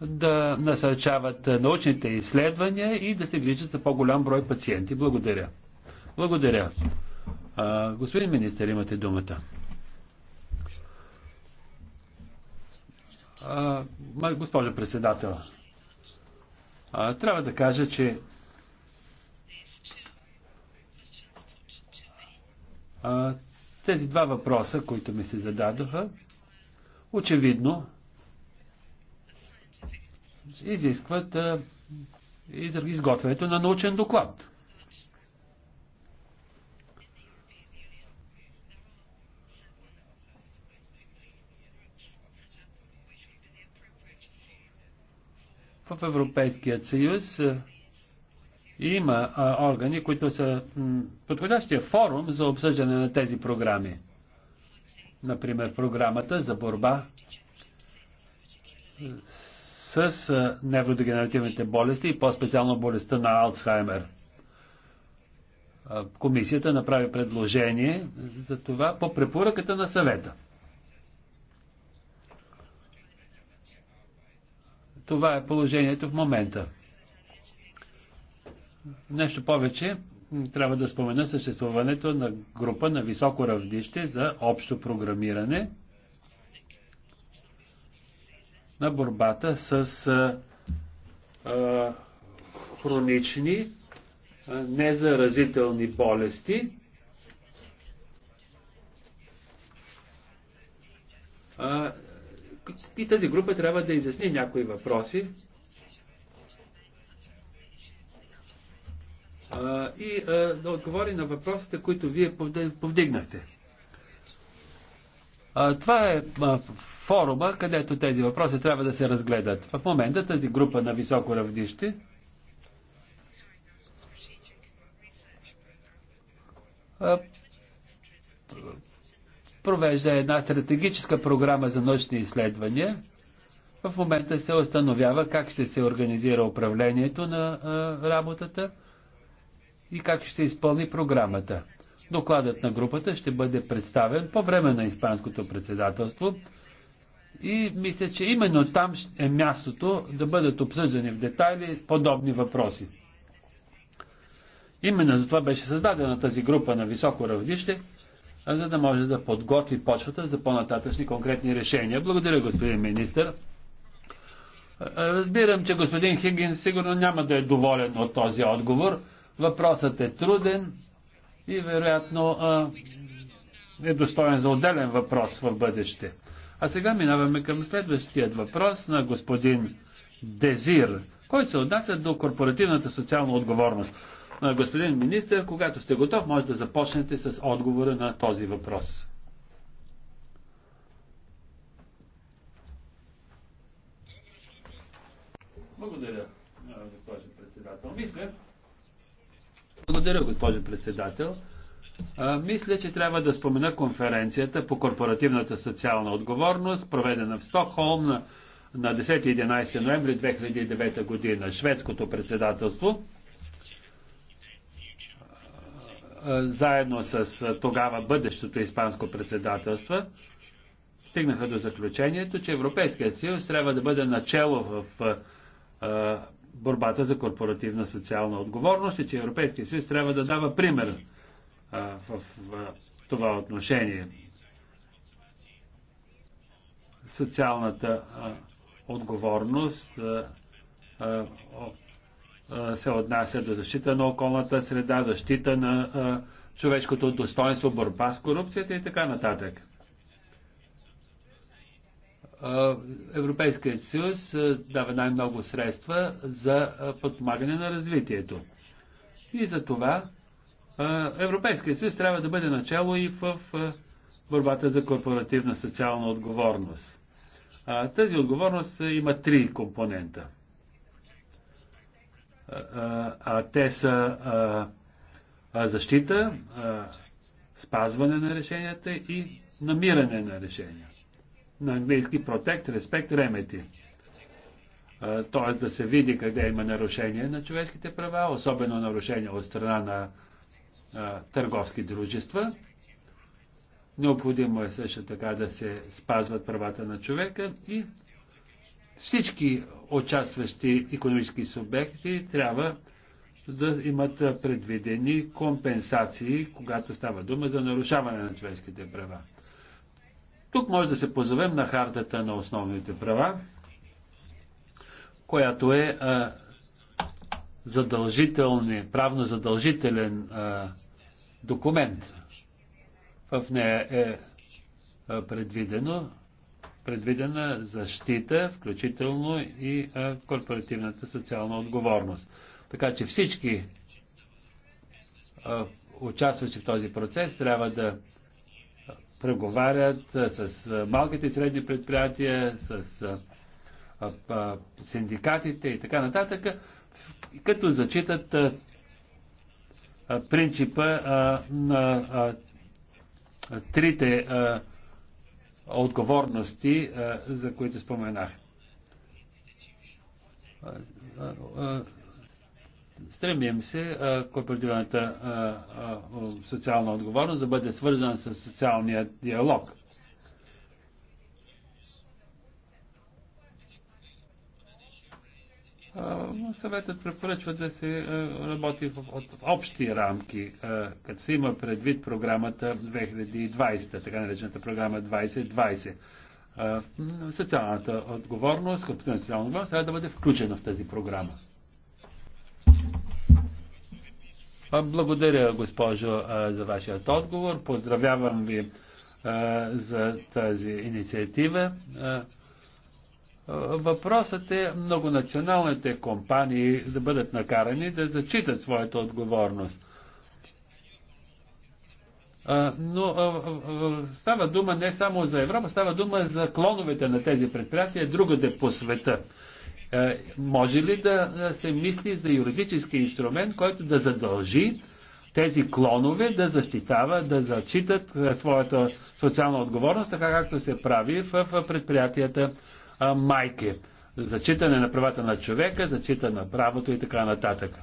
да насърчават научните изследвания и да се грижат за по-голям брой пациенти? Благодаря. Благодаря. А, господин министър, имате думата. А, госпожа председател, а, трябва да кажа, че а, тези два въпроса, които ми се зададоха, очевидно изискват а, изготвянето на научен доклад. В Европейският съюз е, има органи, които са подходящия форум за обсъждане на тези програми. Например, програмата за борба е, с е, невродегенеративните болести и по-специално болестта на Алцхаймер. Комисията направи предложение за това по препоръката на съвета. Това е положението в момента. Нещо повече, трябва да спомена съществуването на група на високо равнище за общо програмиране на борбата с а, а, хронични а, незаразителни болести. А, и тази група трябва да изясни някои въпроси. А, и а, да отговори на въпросите, които вие повдигнахте. А, това е а, форума, където тези въпроси трябва да се разгледат. В момента тази група на високо равнище провежда една стратегическа програма за научни изследвания. В момента се установява как ще се организира управлението на а, работата и как ще се изпълни програмата. Докладът на групата ще бъде представен по време на Испанското председателство и мисля, че именно там е мястото да бъдат обсъждани в детайли подобни въпроси. Именно за това беше създадена тази група на високо равнище – за да може да подготви почвата за по-нататъчни конкретни решения. Благодаря, господин министр. Разбирам, че господин Хигин сигурно няма да е доволен от този отговор. Въпросът е труден и вероятно е достоен за отделен въпрос в бъдеще. А сега минаваме към следващият въпрос на господин Дезир, който се отнася до корпоративната социална отговорност. Господин министр, когато сте готов, може да започнете с отговора на този въпрос. Благодаря, госпожо председател. Мисля. Благодаря, госпожо председател. мисля, че трябва да спомена конференцията по корпоративната социална отговорност, проведена в Стокхолм на, на 10-11 ноември 2009 година. Шведското председателство заедно с тогава бъдещото испанско председателство, стигнаха до заключението, че Европейският съюз трябва да бъде начало в борбата за корпоративна социална отговорност и че Европейския съюз трябва да дава пример в това отношение. Социалната отговорност се отнася до защита на околната среда, защита на човешкото достоинство, борба с корупцията и така нататък. Европейският съюз дава най-много средства за подпомагане на развитието. И за това Европейският съюз трябва да бъде начало и в борбата за корпоративна социална отговорност. Тази отговорност има три компонента – а те са защита, спазване на решенията и намиране на решения. На английски протект, респект, ремети. Тоест да се види къде има нарушение на човешките права, особено нарушение от страна на търговски дружества. Необходимо е също така да се спазват правата на човека и всички участващи економически субекти трябва да имат предвидени компенсации, когато става дума за нарушаване на човешките права. Тук може да се позовем на хартата на основните права, която е а, задължителни, правно задължителен а, документ. В нея е а, предвидено предвидена защита, включително и корпоративната социална отговорност. Така че всички участващи в този процес трябва да преговарят с малките и средни предприятия, с синдикатите и така нататък, като зачитат принципа на трите отговорности, за които споменах. Стремим се корпоративната социална отговорност да бъде свързана с социалния диалог – Съветът препоръчва да се работи в общи рамки, като се има предвид програмата 2020, така наречената програма 2020. Социалната отговорност, като социална отговорност, трябва да бъде включена в тази програма. Благодаря, госпожо, за вашият отговор. Поздравявам ви за тази инициатива. Въпросът е многонационалните компании да бъдат накарани да зачитат своята отговорност. Но става дума не само за Европа, става дума за клоновете на тези предприятия другаде по света. Е, може ли да се мисли за юридически инструмент, който да задължи тези клонове да защитават, да зачитат е, своята социална отговорност, така както се прави в предприятията? майки. Зачитане на правата на човека, зачитане на правото и така нататък.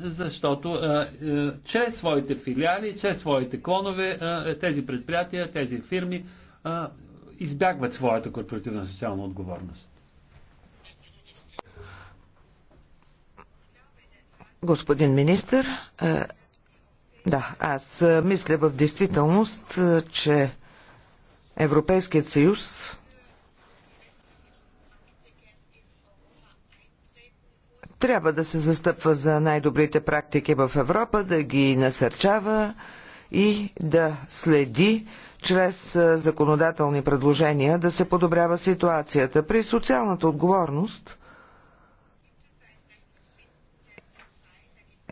Защото е, чрез своите филиали, чрез своите клонове, е, тези предприятия, тези фирми избягват своята корпоративна социална отговорност. Господин министр, е, да, аз мисля в действителност, че Европейският съюз трябва да се застъпва за най-добрите практики в Европа, да ги насърчава и да следи чрез законодателни предложения да се подобрява ситуацията. При социалната отговорност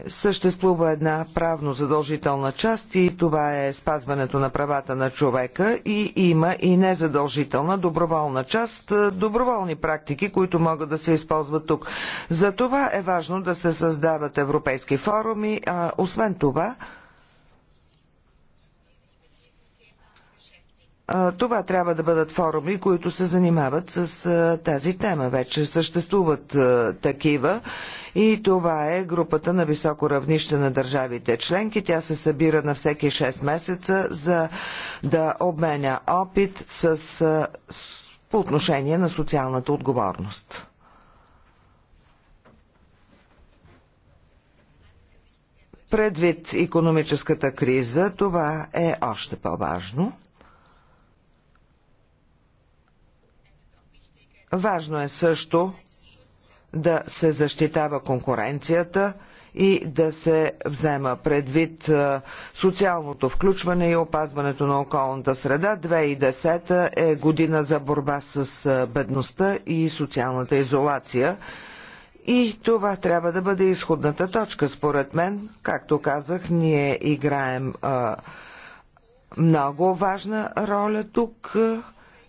съществува една правно задължителна част и това е спазването на правата на човека и има и незадължителна доброволна част, е, доброволни практики, които могат да се използват тук. За това е важно да се създават европейски форуми, а освен това Това трябва да бъдат форуми, които се занимават с тази тема. Вече съществуват такива и това е групата на високо равнище на държавите членки. Тя се събира на всеки 6 месеца за да обменя опит с, с, по отношение на социалната отговорност. Предвид економическата криза, това е още по-важно. Важно е също да се защитава конкуренцията и да се взема предвид е, социалното включване и опазването на околната среда. 2010 е година за борба с е, бедността и социалната изолация. И това трябва да бъде изходната точка, според мен. Както казах, ние играем а, е, много важна роля тук. А,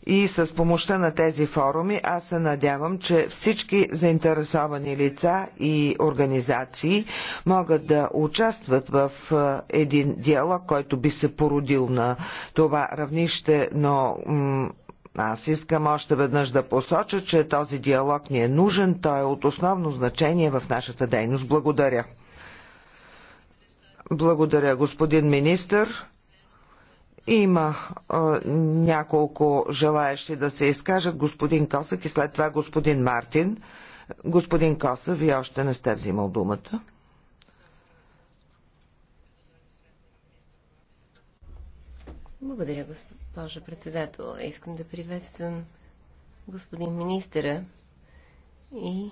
и с помощта на тези форуми аз се надявам, че всички заинтересовани лица и организации могат да участват в един диалог, който би се породил на това равнище, но аз искам още веднъж да посоча, че този диалог ни е нужен, той е от основно значение в нашата дейност. Благодаря. Благодаря, господин министър. Има а, няколко желаящи да се изкажат. Господин Косък и след това господин Мартин. Господин Коса, вие още не сте взимал думата. Благодаря, госпожа председател. Искам да приветствам господин министъра и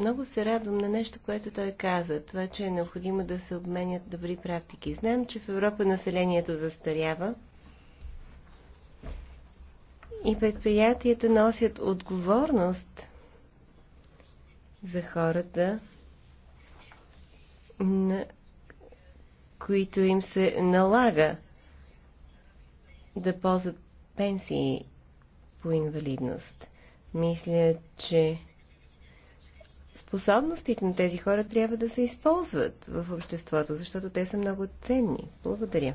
много се радвам на нещо, което той каза, това, че е необходимо да се обменят добри практики. Знам, че в Европа населението застарява и предприятията носят отговорност за хората, на които им се налага да ползват пенсии по инвалидност. Мисля, че способностите на тези хора трябва да се използват в обществото, защото те са много ценни. Благодаря.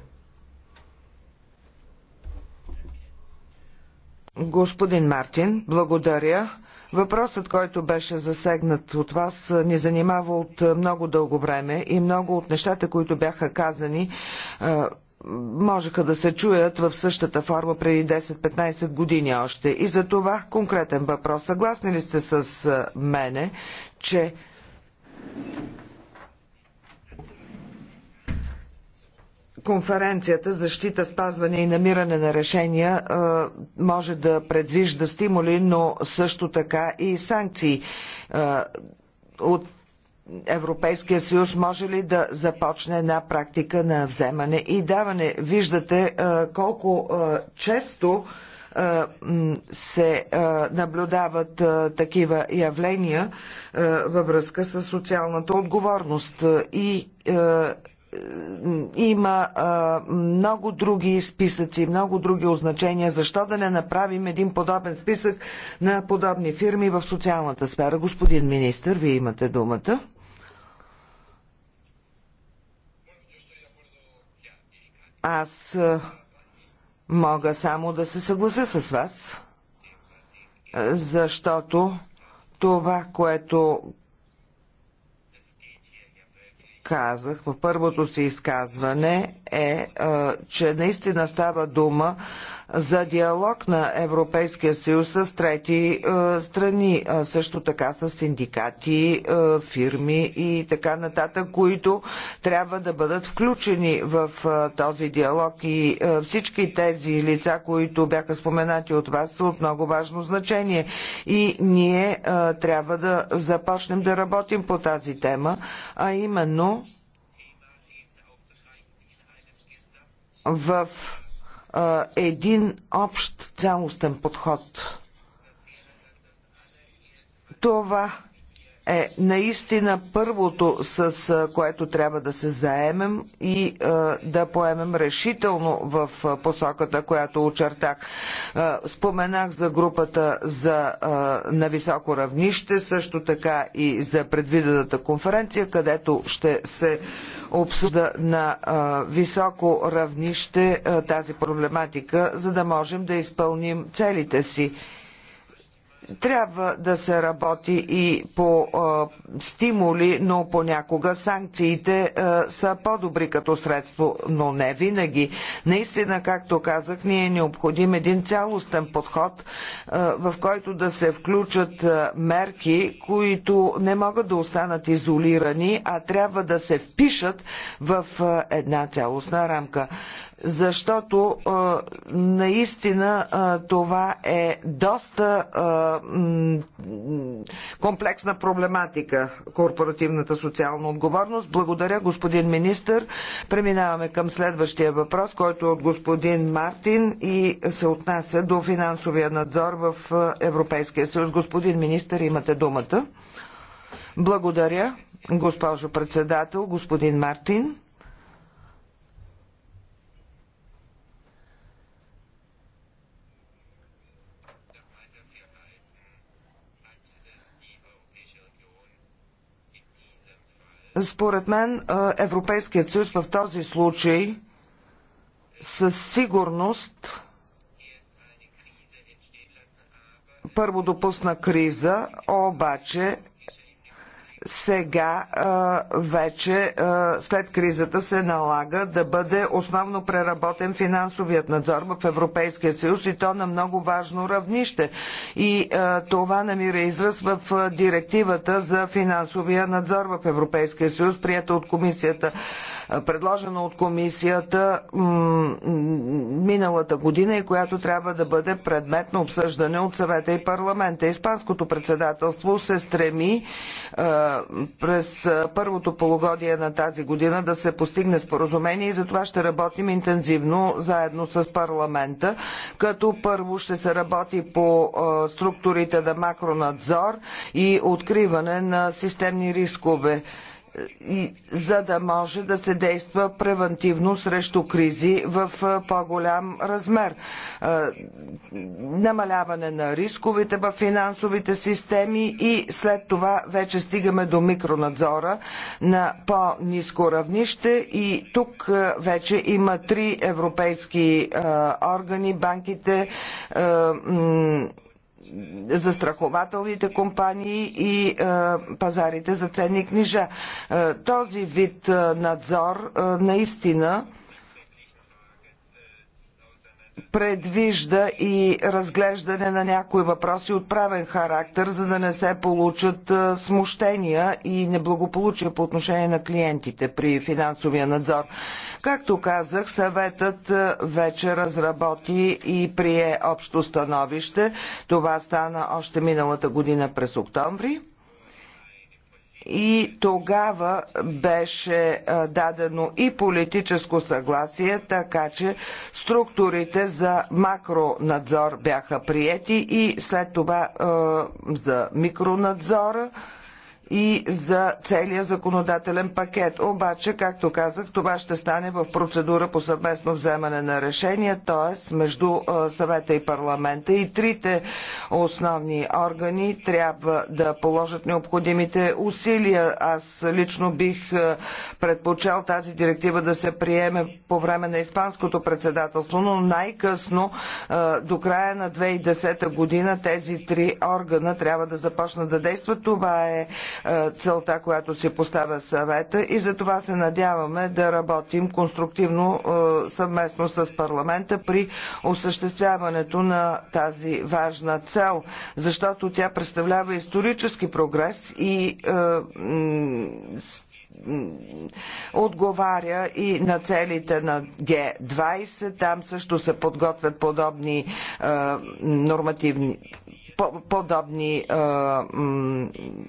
Господин Мартин, благодаря. Въпросът, който беше засегнат от вас, ни занимава от е, много дълго време и много от нещата, които бяха казани, е, можеха да се чуят в същата форма преди 10-15 години още. И за това конкретен въпрос. Съгласни ли сте с е, мене, че конференцията защита, спазване и намиране на решения може да предвижда стимули, но също така и санкции. От Европейския съюз може ли да започне една практика на вземане и даване? Виждате колко често се наблюдават такива явления във връзка с социалната отговорност и има а, много други списъци, много други означения. Защо да не направим един подобен списък на подобни фирми в социалната сфера? Господин министр, вие имате думата. Аз Мога само да се съглася с вас, е, защото това, което казах в първото си изказване е, е че наистина става дума за диалог на Европейския съюз с трети е, страни, също така с синдикати, е, фирми и така нататък, които трябва да бъдат включени в е, този диалог и всички тези лица, които бяха споменати от вас, са от много важно значение. И ние трябва да започнем да работим по тази тема, а именно в един общ цялостен подход. Това е наистина първото, с което трябва да се заемем и да поемем решително в посоката, която очертах. Споменах за групата за, на високо равнище, също така и за предвидената конференция, където ще се обсъжда на високо равнище тази проблематика, за да можем да изпълним целите си. Трябва да се работи и по стимули, но понякога санкциите са по-добри като средство, но не винаги. Наистина, както казах, ни е необходим един цялостен подход, в който да се включат мерки, които не могат да останат изолирани, а трябва да се впишат в една цялостна рамка защото наистина това е доста комплексна проблематика корпоративната социална отговорност. Благодаря, господин министр. Преминаваме към следващия въпрос, който е от господин Мартин и се отнася до финансовия надзор в Европейския съюз. Господин министр, имате думата. Благодаря, госпожо председател, господин Мартин. Според мен Европейският съюз в този случай със сигурност първо допусна криза, обаче сега вече след кризата се налага да бъде основно преработен финансовият надзор в Европейския съюз и то на много важно равнище. И това намира израз в директивата за финансовия надзор в Европейския съюз, прията от комисията предложена от комисията миналата година и която трябва да бъде предмет на обсъждане от съвета и парламента. Испанското председателство се стреми е, през е, първото полугодие на тази година да се постигне споразумение и за това ще работим интензивно заедно с парламента, като първо ще се работи по е, структурите на макронадзор и откриване на системни рискове за да може да се действа превентивно срещу кризи в по-голям размер. Намаляване на рисковете в финансовите системи и след това вече стигаме до микронадзора на по-низко равнище и тук вече има три европейски органи, банките, застрахователните компании и е, пазарите за ценни книжа. Е, този вид е, надзор наистина предвижда и разглеждане на някои въпроси от правен характер, за да не се получат смущения и неблагополучия по отношение на клиентите при финансовия надзор. Както казах, съветът е, вече разработи и прие общо становище. Това стана още миналата година през октомври. И тогава беше е, дадено и политическо съгласие, така че структурите за макронадзор бяха приети и след това е, за микронадзора и за целия законодателен пакет. Обаче, както казах, това ще стане в процедура по съвместно вземане на решения, т.е. между съвета и парламента. И трите основни органи трябва да положат необходимите усилия. Аз лично бих предпочел тази директива да се приеме по време на испанското председателство, но най-късно до края на 2010 година тези три органа трябва да започнат да действат. Това е е, целта, която си поставя съвета и за това се надяваме да работим конструктивно е, съвместно с парламента при осъществяването на тази важна цел, защото тя представлява исторически прогрес и е, отговаря и на целите на Г20. Там също се подготвят подобни е, нормативни подобни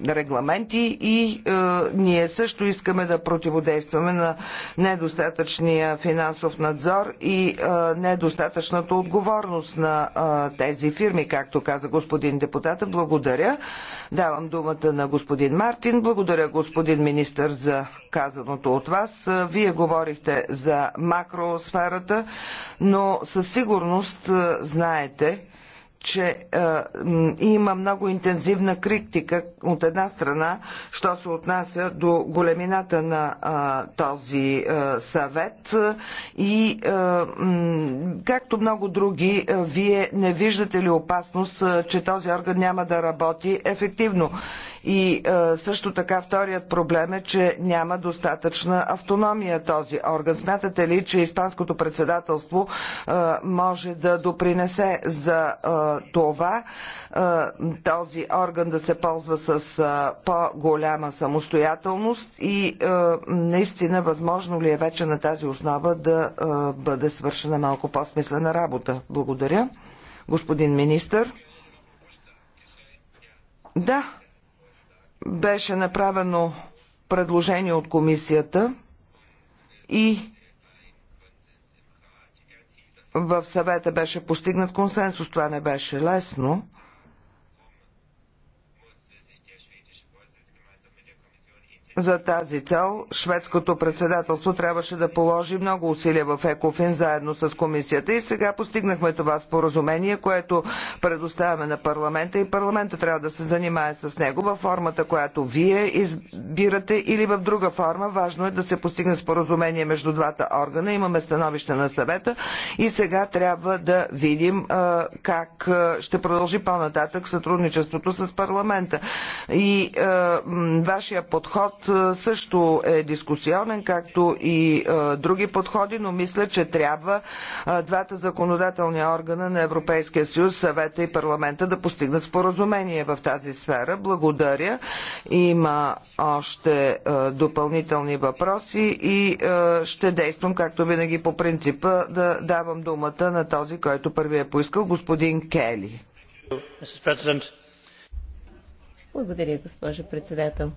регламенти и ние също искаме да противодействаме на недостатъчния финансов надзор и недостатъчната отговорност на тези фирми, както каза господин депутата. Благодаря. Давам думата на господин Мартин. Благодаря, господин министър, за казаното от вас. Вие говорихте за макросферата, но със сигурност знаете, че е, има много интензивна критика от една страна, що се отнася до големината на е, този е, съвет и е, както много други, е, вие не виждате ли опасност, е, че този орган няма да работи ефективно? И е, също така вторият проблем е, че няма достатъчна автономия този орган. Смятате ли, че Испанското председателство е, може да допринесе за е, това този орган да се ползва с по-голяма самостоятелност и наистина възможно ли е вече на тази основа да бъде свършена малко по-смислена работа? Благодаря. Господин министър. Да, беше направено предложение от комисията и в съвета беше постигнат консенсус. Това не беше лесно. За тази цел шведското председателство трябваше да положи много усилия в Екофин заедно с комисията и сега постигнахме това споразумение, което предоставяме на парламента и парламента трябва да се занимае с него във формата, която вие избирате или в друга форма. Важно е да се постигне споразумение между двата органа. Имаме становище на съвета и сега трябва да видим как ще продължи по-нататък сътрудничеството с парламента. И вашия подход също е дискусионен, както и други подходи, но мисля, че трябва двата законодателни органа на Европейския съюз, съвета и парламента да постигнат споразумение в тази сфера. Благодаря. Има още допълнителни въпроси и ще действам, както винаги по принципа, да давам думата на този, който първи е поискал, господин Кели. Благодаря, госпожо председател.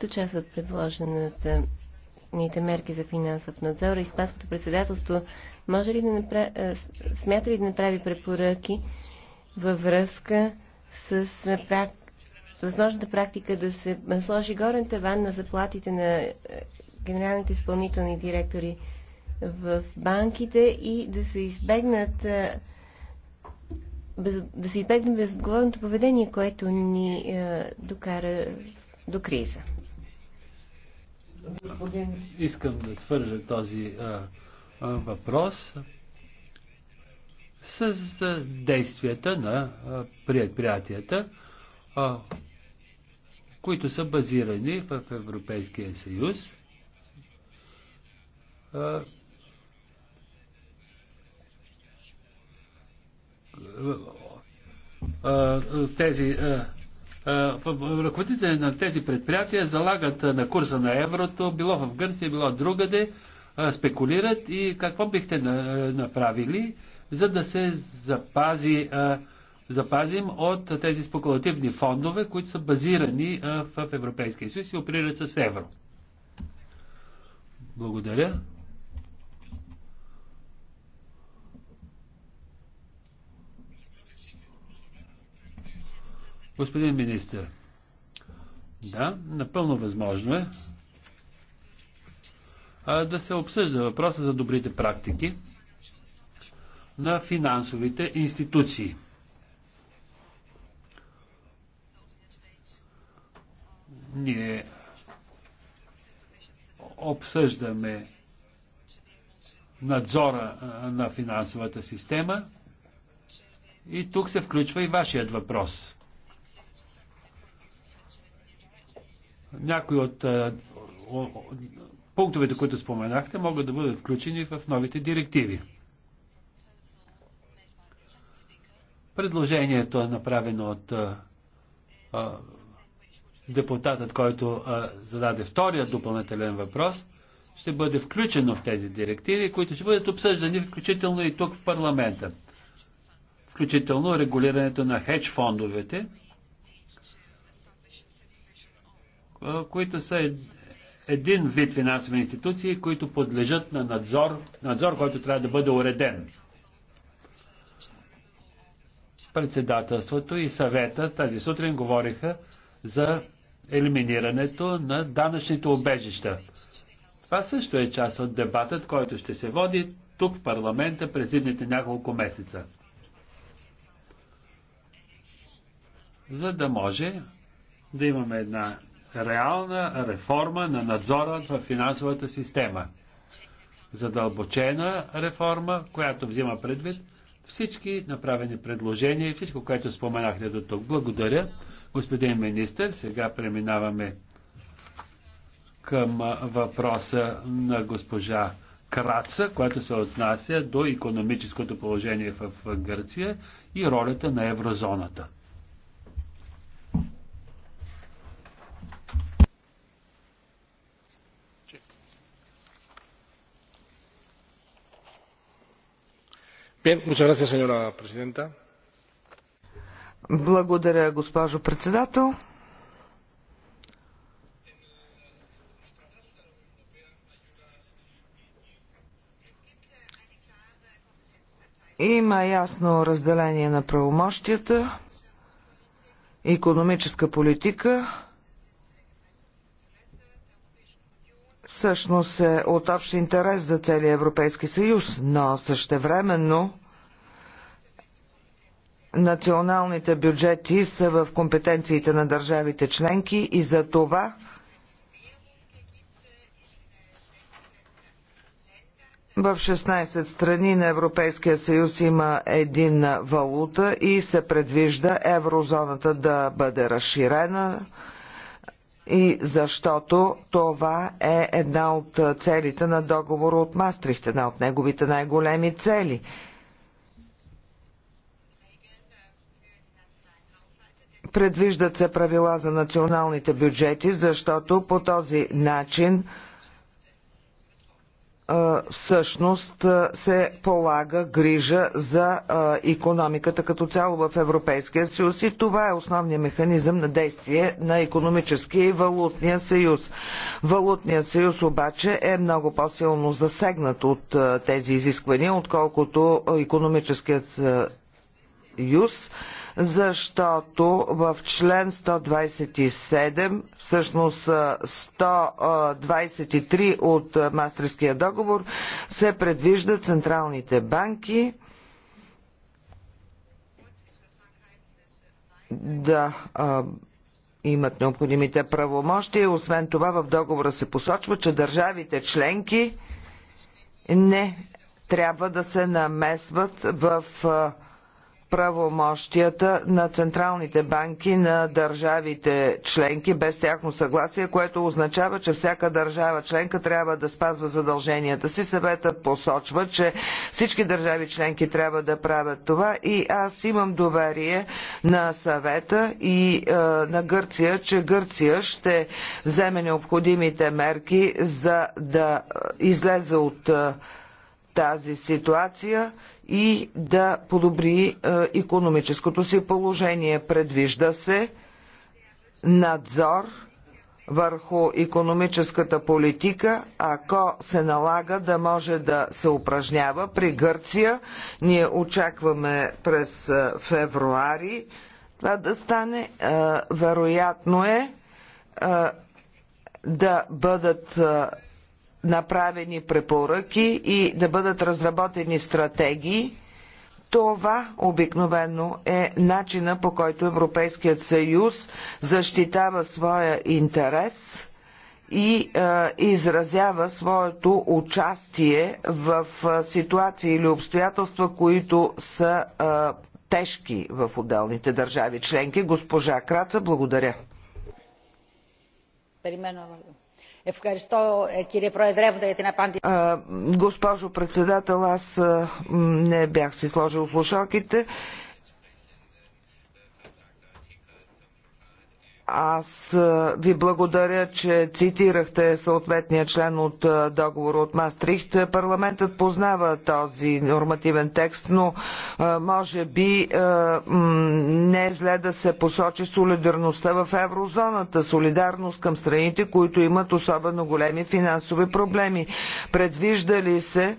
Като част от предложената ните мерки за финансов надзор, Испанското председателство може ли да направи, смята ли да направи препоръки във връзка с прак... възможната практика да се сложи горен таван на заплатите на генералните изпълнителни директори в банките и да се избегнат без, да се избегне безотговорното поведение, което ни е, докара до криза. Господин... Искам да свържа този а, а, въпрос с а, действията на а, предприятията, а, които са базирани в Европейския съюз. А, а, тези а, е, ръководителите на тези предприятия залагат е, на курса на еврото, било в Гърция, било другаде, е, спекулират и какво бихте направили, за да се запази, запазим от тези спекулативни фондове, които са базирани в Европейския съюз и оперират с евро. Благодаря. Господин министр, да, напълно възможно е а, да се обсъжда въпроса за добрите практики на финансовите институции. Ние обсъждаме надзора на финансовата система и тук се включва и вашият въпрос. Някои от е, пунктовете, които споменахте, могат да бъдат включени в новите директиви. Предложението е направено от е, е, депутатът, който зададе втория допълнителен въпрос, ще бъде включено в тези директиви, които ще бъдат обсъждани включително и тук в парламента. Включително регулирането на хедж фондовете, които са един вид финансови институции, които подлежат на надзор, надзор, който трябва да бъде уреден. Председателството и съвета тази сутрин говориха за елиминирането на данъчните обежища. Това също е част от дебатът, който ще се води тук в парламента през едните няколко месеца. За да може да имаме една реална реформа на надзора в финансовата система. Задълбочена реформа, която взима предвид всички направени предложения и всичко, което споменахте до тук. Благодаря, господин министр. Сега преминаваме към въпроса на госпожа Краца, която се отнася до економическото положение в Гърция и ролята на еврозоната. Благодаря, госпожо председател. Има ясно разделение на правомощията, економическа политика, всъщност е от общ интерес за целия Европейски съюз, но същевременно националните бюджети са в компетенциите на държавите членки и за това В 16 страни на Европейския съюз има единна валута и се предвижда еврозоната да бъде разширена, и защото това е една от целите на договора от Мастрихт, една от неговите най-големи цели. Предвиждат се правила за националните бюджети, защото по този начин всъщност се полага грижа за економиката като цяло в Европейския съюз и това е основният механизъм на действие на економическия и валутния съюз. Валутният съюз обаче е много по-силно засегнат от тези изисквания, отколкото економическият съюз защото в член 127, всъщност 123 от Мастерския договор, се предвижда централните банки да а, имат необходимите правомощия. Освен това в договора се посочва, че държавите членки не трябва да се намесват в а, правомощията на централните банки на държавите членки без тяхно съгласие, което означава, че всяка държава членка трябва да спазва задълженията си. Съветът посочва, че всички държави членки трябва да правят това и аз имам доверие на съвета и е, на Гърция, че Гърция ще вземе необходимите мерки за да е, излезе от е, тази ситуация и да подобри економическото си положение. Предвижда се надзор върху економическата политика, ако се налага да може да се упражнява. При Гърция ние очакваме през е, февруари това да стане. Е, вероятно е, е да бъдат направени препоръки и да бъдат разработени стратегии. Това обикновено е начина по който Европейският съюз защитава своя интерес и е, изразява своето участие в е, ситуации или обстоятелства, които са е, тежки в отделните държави членки. Госпожа Краца, благодаря. Госпожо председател, аз не бях си сложил слушалките. Аз ви благодаря, че цитирахте съответния член от договора от Мастрихт. Парламентът познава този нормативен текст, но може би не е зле да се посочи солидарността в еврозоната, солидарност към страните, които имат особено големи финансови проблеми. Предвижда ли се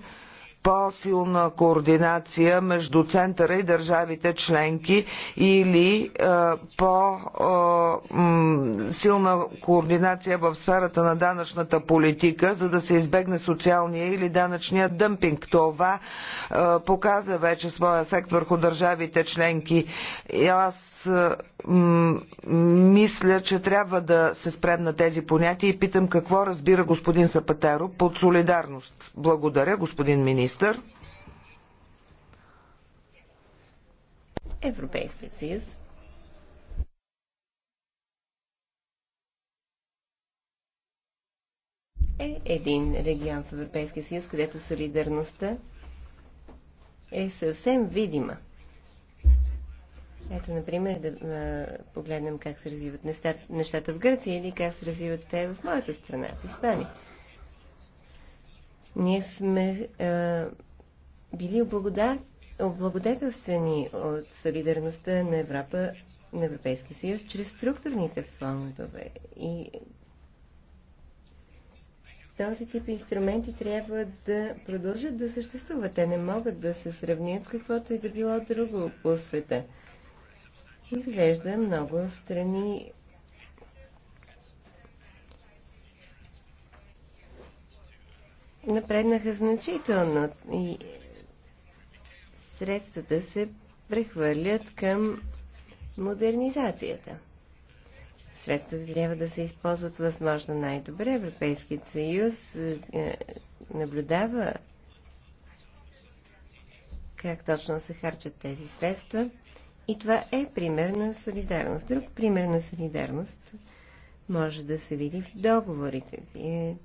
по-силна координация между центъра и държавите членки или е, по-силна е, координация в сферата на данъчната политика, за да се избегне социалния или данъчния дъмпинг. Това показа вече своя ефект върху държавите членки. И аз мисля, че трябва да се спрем на тези понятия и питам какво разбира господин Сапатеро под солидарност. Благодаря, господин министър. Европейският съюз е един регион в Европейския съюз, където солидарността е съвсем видима. Ето, например, да погледнем как се развиват нещата в Гърция или как се развиват те в моята страна, в Испания. Ние сме а, били облагодетелствени от солидарността на Европа, на Европейския съюз, чрез структурните фондове. И този тип инструменти трябва да продължат да съществуват. Те не могат да се сравнят с каквото и да било друго по света. Изглежда много страни напреднаха значително и средствата се прехвърлят към модернизацията. Средствата трябва да се използват възможно най-добре. Европейският съюз е, е, наблюдава как точно се харчат тези средства. И това е пример на солидарност. Друг пример на солидарност може да се види в договорите. Вие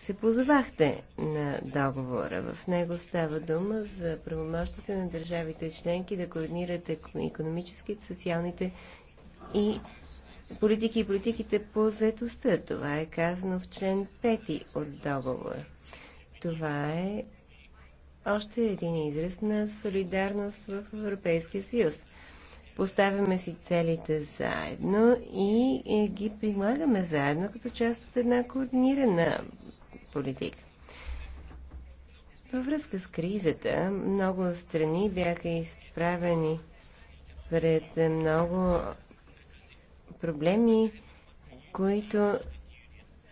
се позовахте на договора. В него става дума за правомощите на държавите членки да координират економическите, социалните и политики и политиките по заетостта. Това е казано в член 5 от договора. Това е още един израз на солидарност в Европейския съюз. Поставяме си целите заедно и е, ги прилагаме заедно като част от една координирана политика. Във връзка с кризата, много страни бяха изправени пред много проблеми, които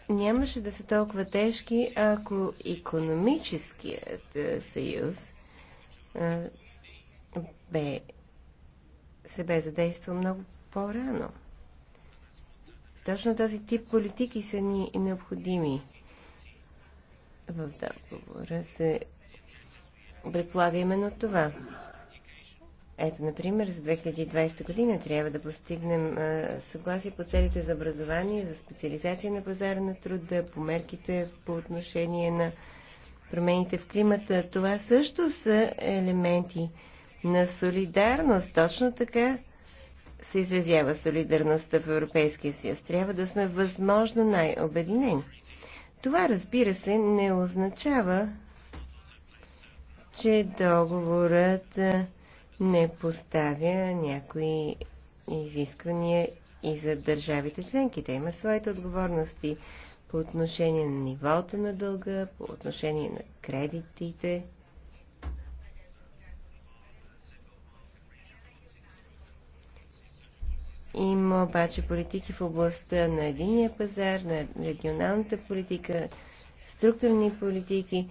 нямаше да са толкова тежки, ако економическият е, съюз е, бе, се бе задействал много по-рано. Точно този тип политики са ни необходими. В договора се предполага именно това. Ето, например, за 2020 година трябва да постигнем съгласие по целите за образование, за специализация на пазара на труда, по мерките по отношение на промените в климата. Това също са елементи на солидарност. Точно така се изразява солидарността в Европейския съюз. Трябва да сме възможно най-обединени. Това, разбира се, не означава, че договорът не поставя някои изисквания и за държавите членки. Те имат своите отговорности по отношение на нивото на дълга, по отношение на кредитите. Има обаче политики в областта на единия пазар, на регионалната политика, структурни политики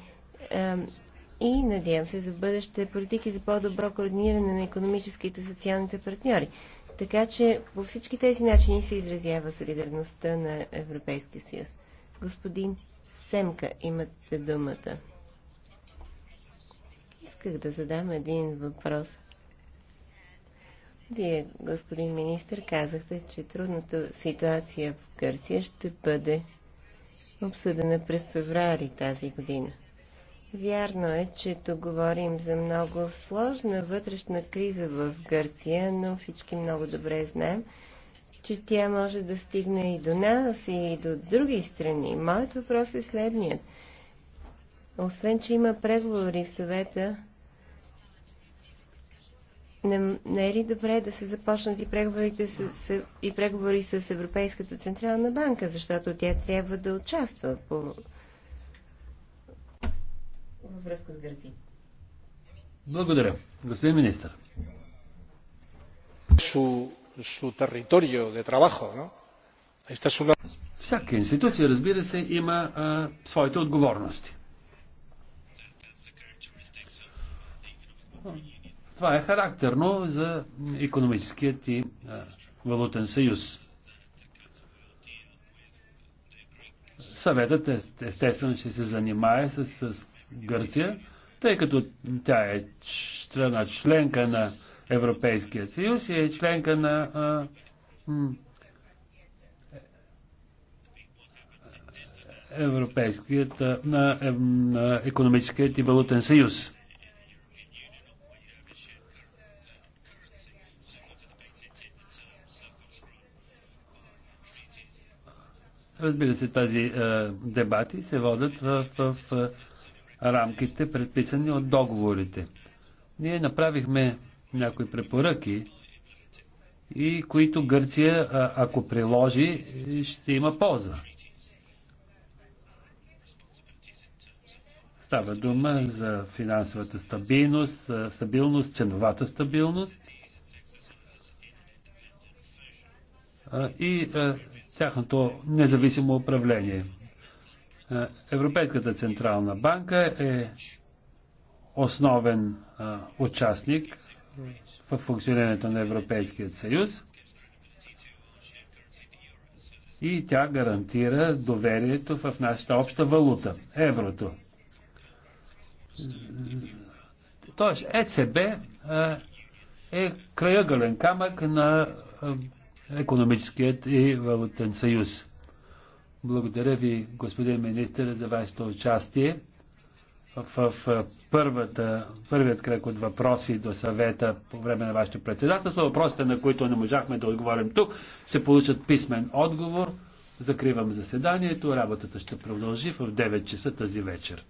и надявам се за бъдеще политики за по-добро координиране на економическите и социалните партньори. Така че по всички тези начини се изразява солидарността на Европейския съюз. Господин Семка, имате думата. Исках да задам един въпрос. Вие, господин министр, казахте, че трудната ситуация в Гърция ще бъде обсъдена през феврари тази година. Вярно е, че тук говорим за много сложна вътрешна криза в Гърция, но всички много добре знаем, че тя може да стигне и до нас, и до други страни. Моят въпрос е следният. Освен, че има преговори в съвета, не, не е ли добре да се започнат и, преговорите с, с, и преговори с Европейската Централна банка, защото тя трябва да участва по във връзка с гърци. Благодаря. Господин министр. Su, su territorio de trabajo, ¿no? Esta es una... Всяка институция, разбира се, има а, своите отговорности. Това е характерно за економическият и а, валутен съюз. Съветът е, естествено ще се занимае с, с Гърция, тъй като тя е страна членка на Европейския съюз и е членка на а, Европейският, на, е, на економическият и валутен съюз. Разбира се, тази е, дебати се водят в, в, в рамките, предписани от договорите. Ние направихме някои препоръки, и които Гърция, ако приложи, ще има полза. Става дума за финансовата стабилност, стабилност, ценовата стабилност и тяхното независимо управление. Е, Европейската централна банка е основен е, участник в функционирането на Европейския съюз и тя гарантира доверието в нашата обща валута еврото. Тоест, ЕЦБ е, е краягълен камък на економическият и валутен съюз. Благодаря ви, господин министър, за вашето участие в първата, първият кръг от въпроси до съвета по време на вашето председателство. Въпросите, на които не можахме да отговорим тук, ще получат писмен отговор. Закривам заседанието. Работата ще продължи в 9 часа тази вечер.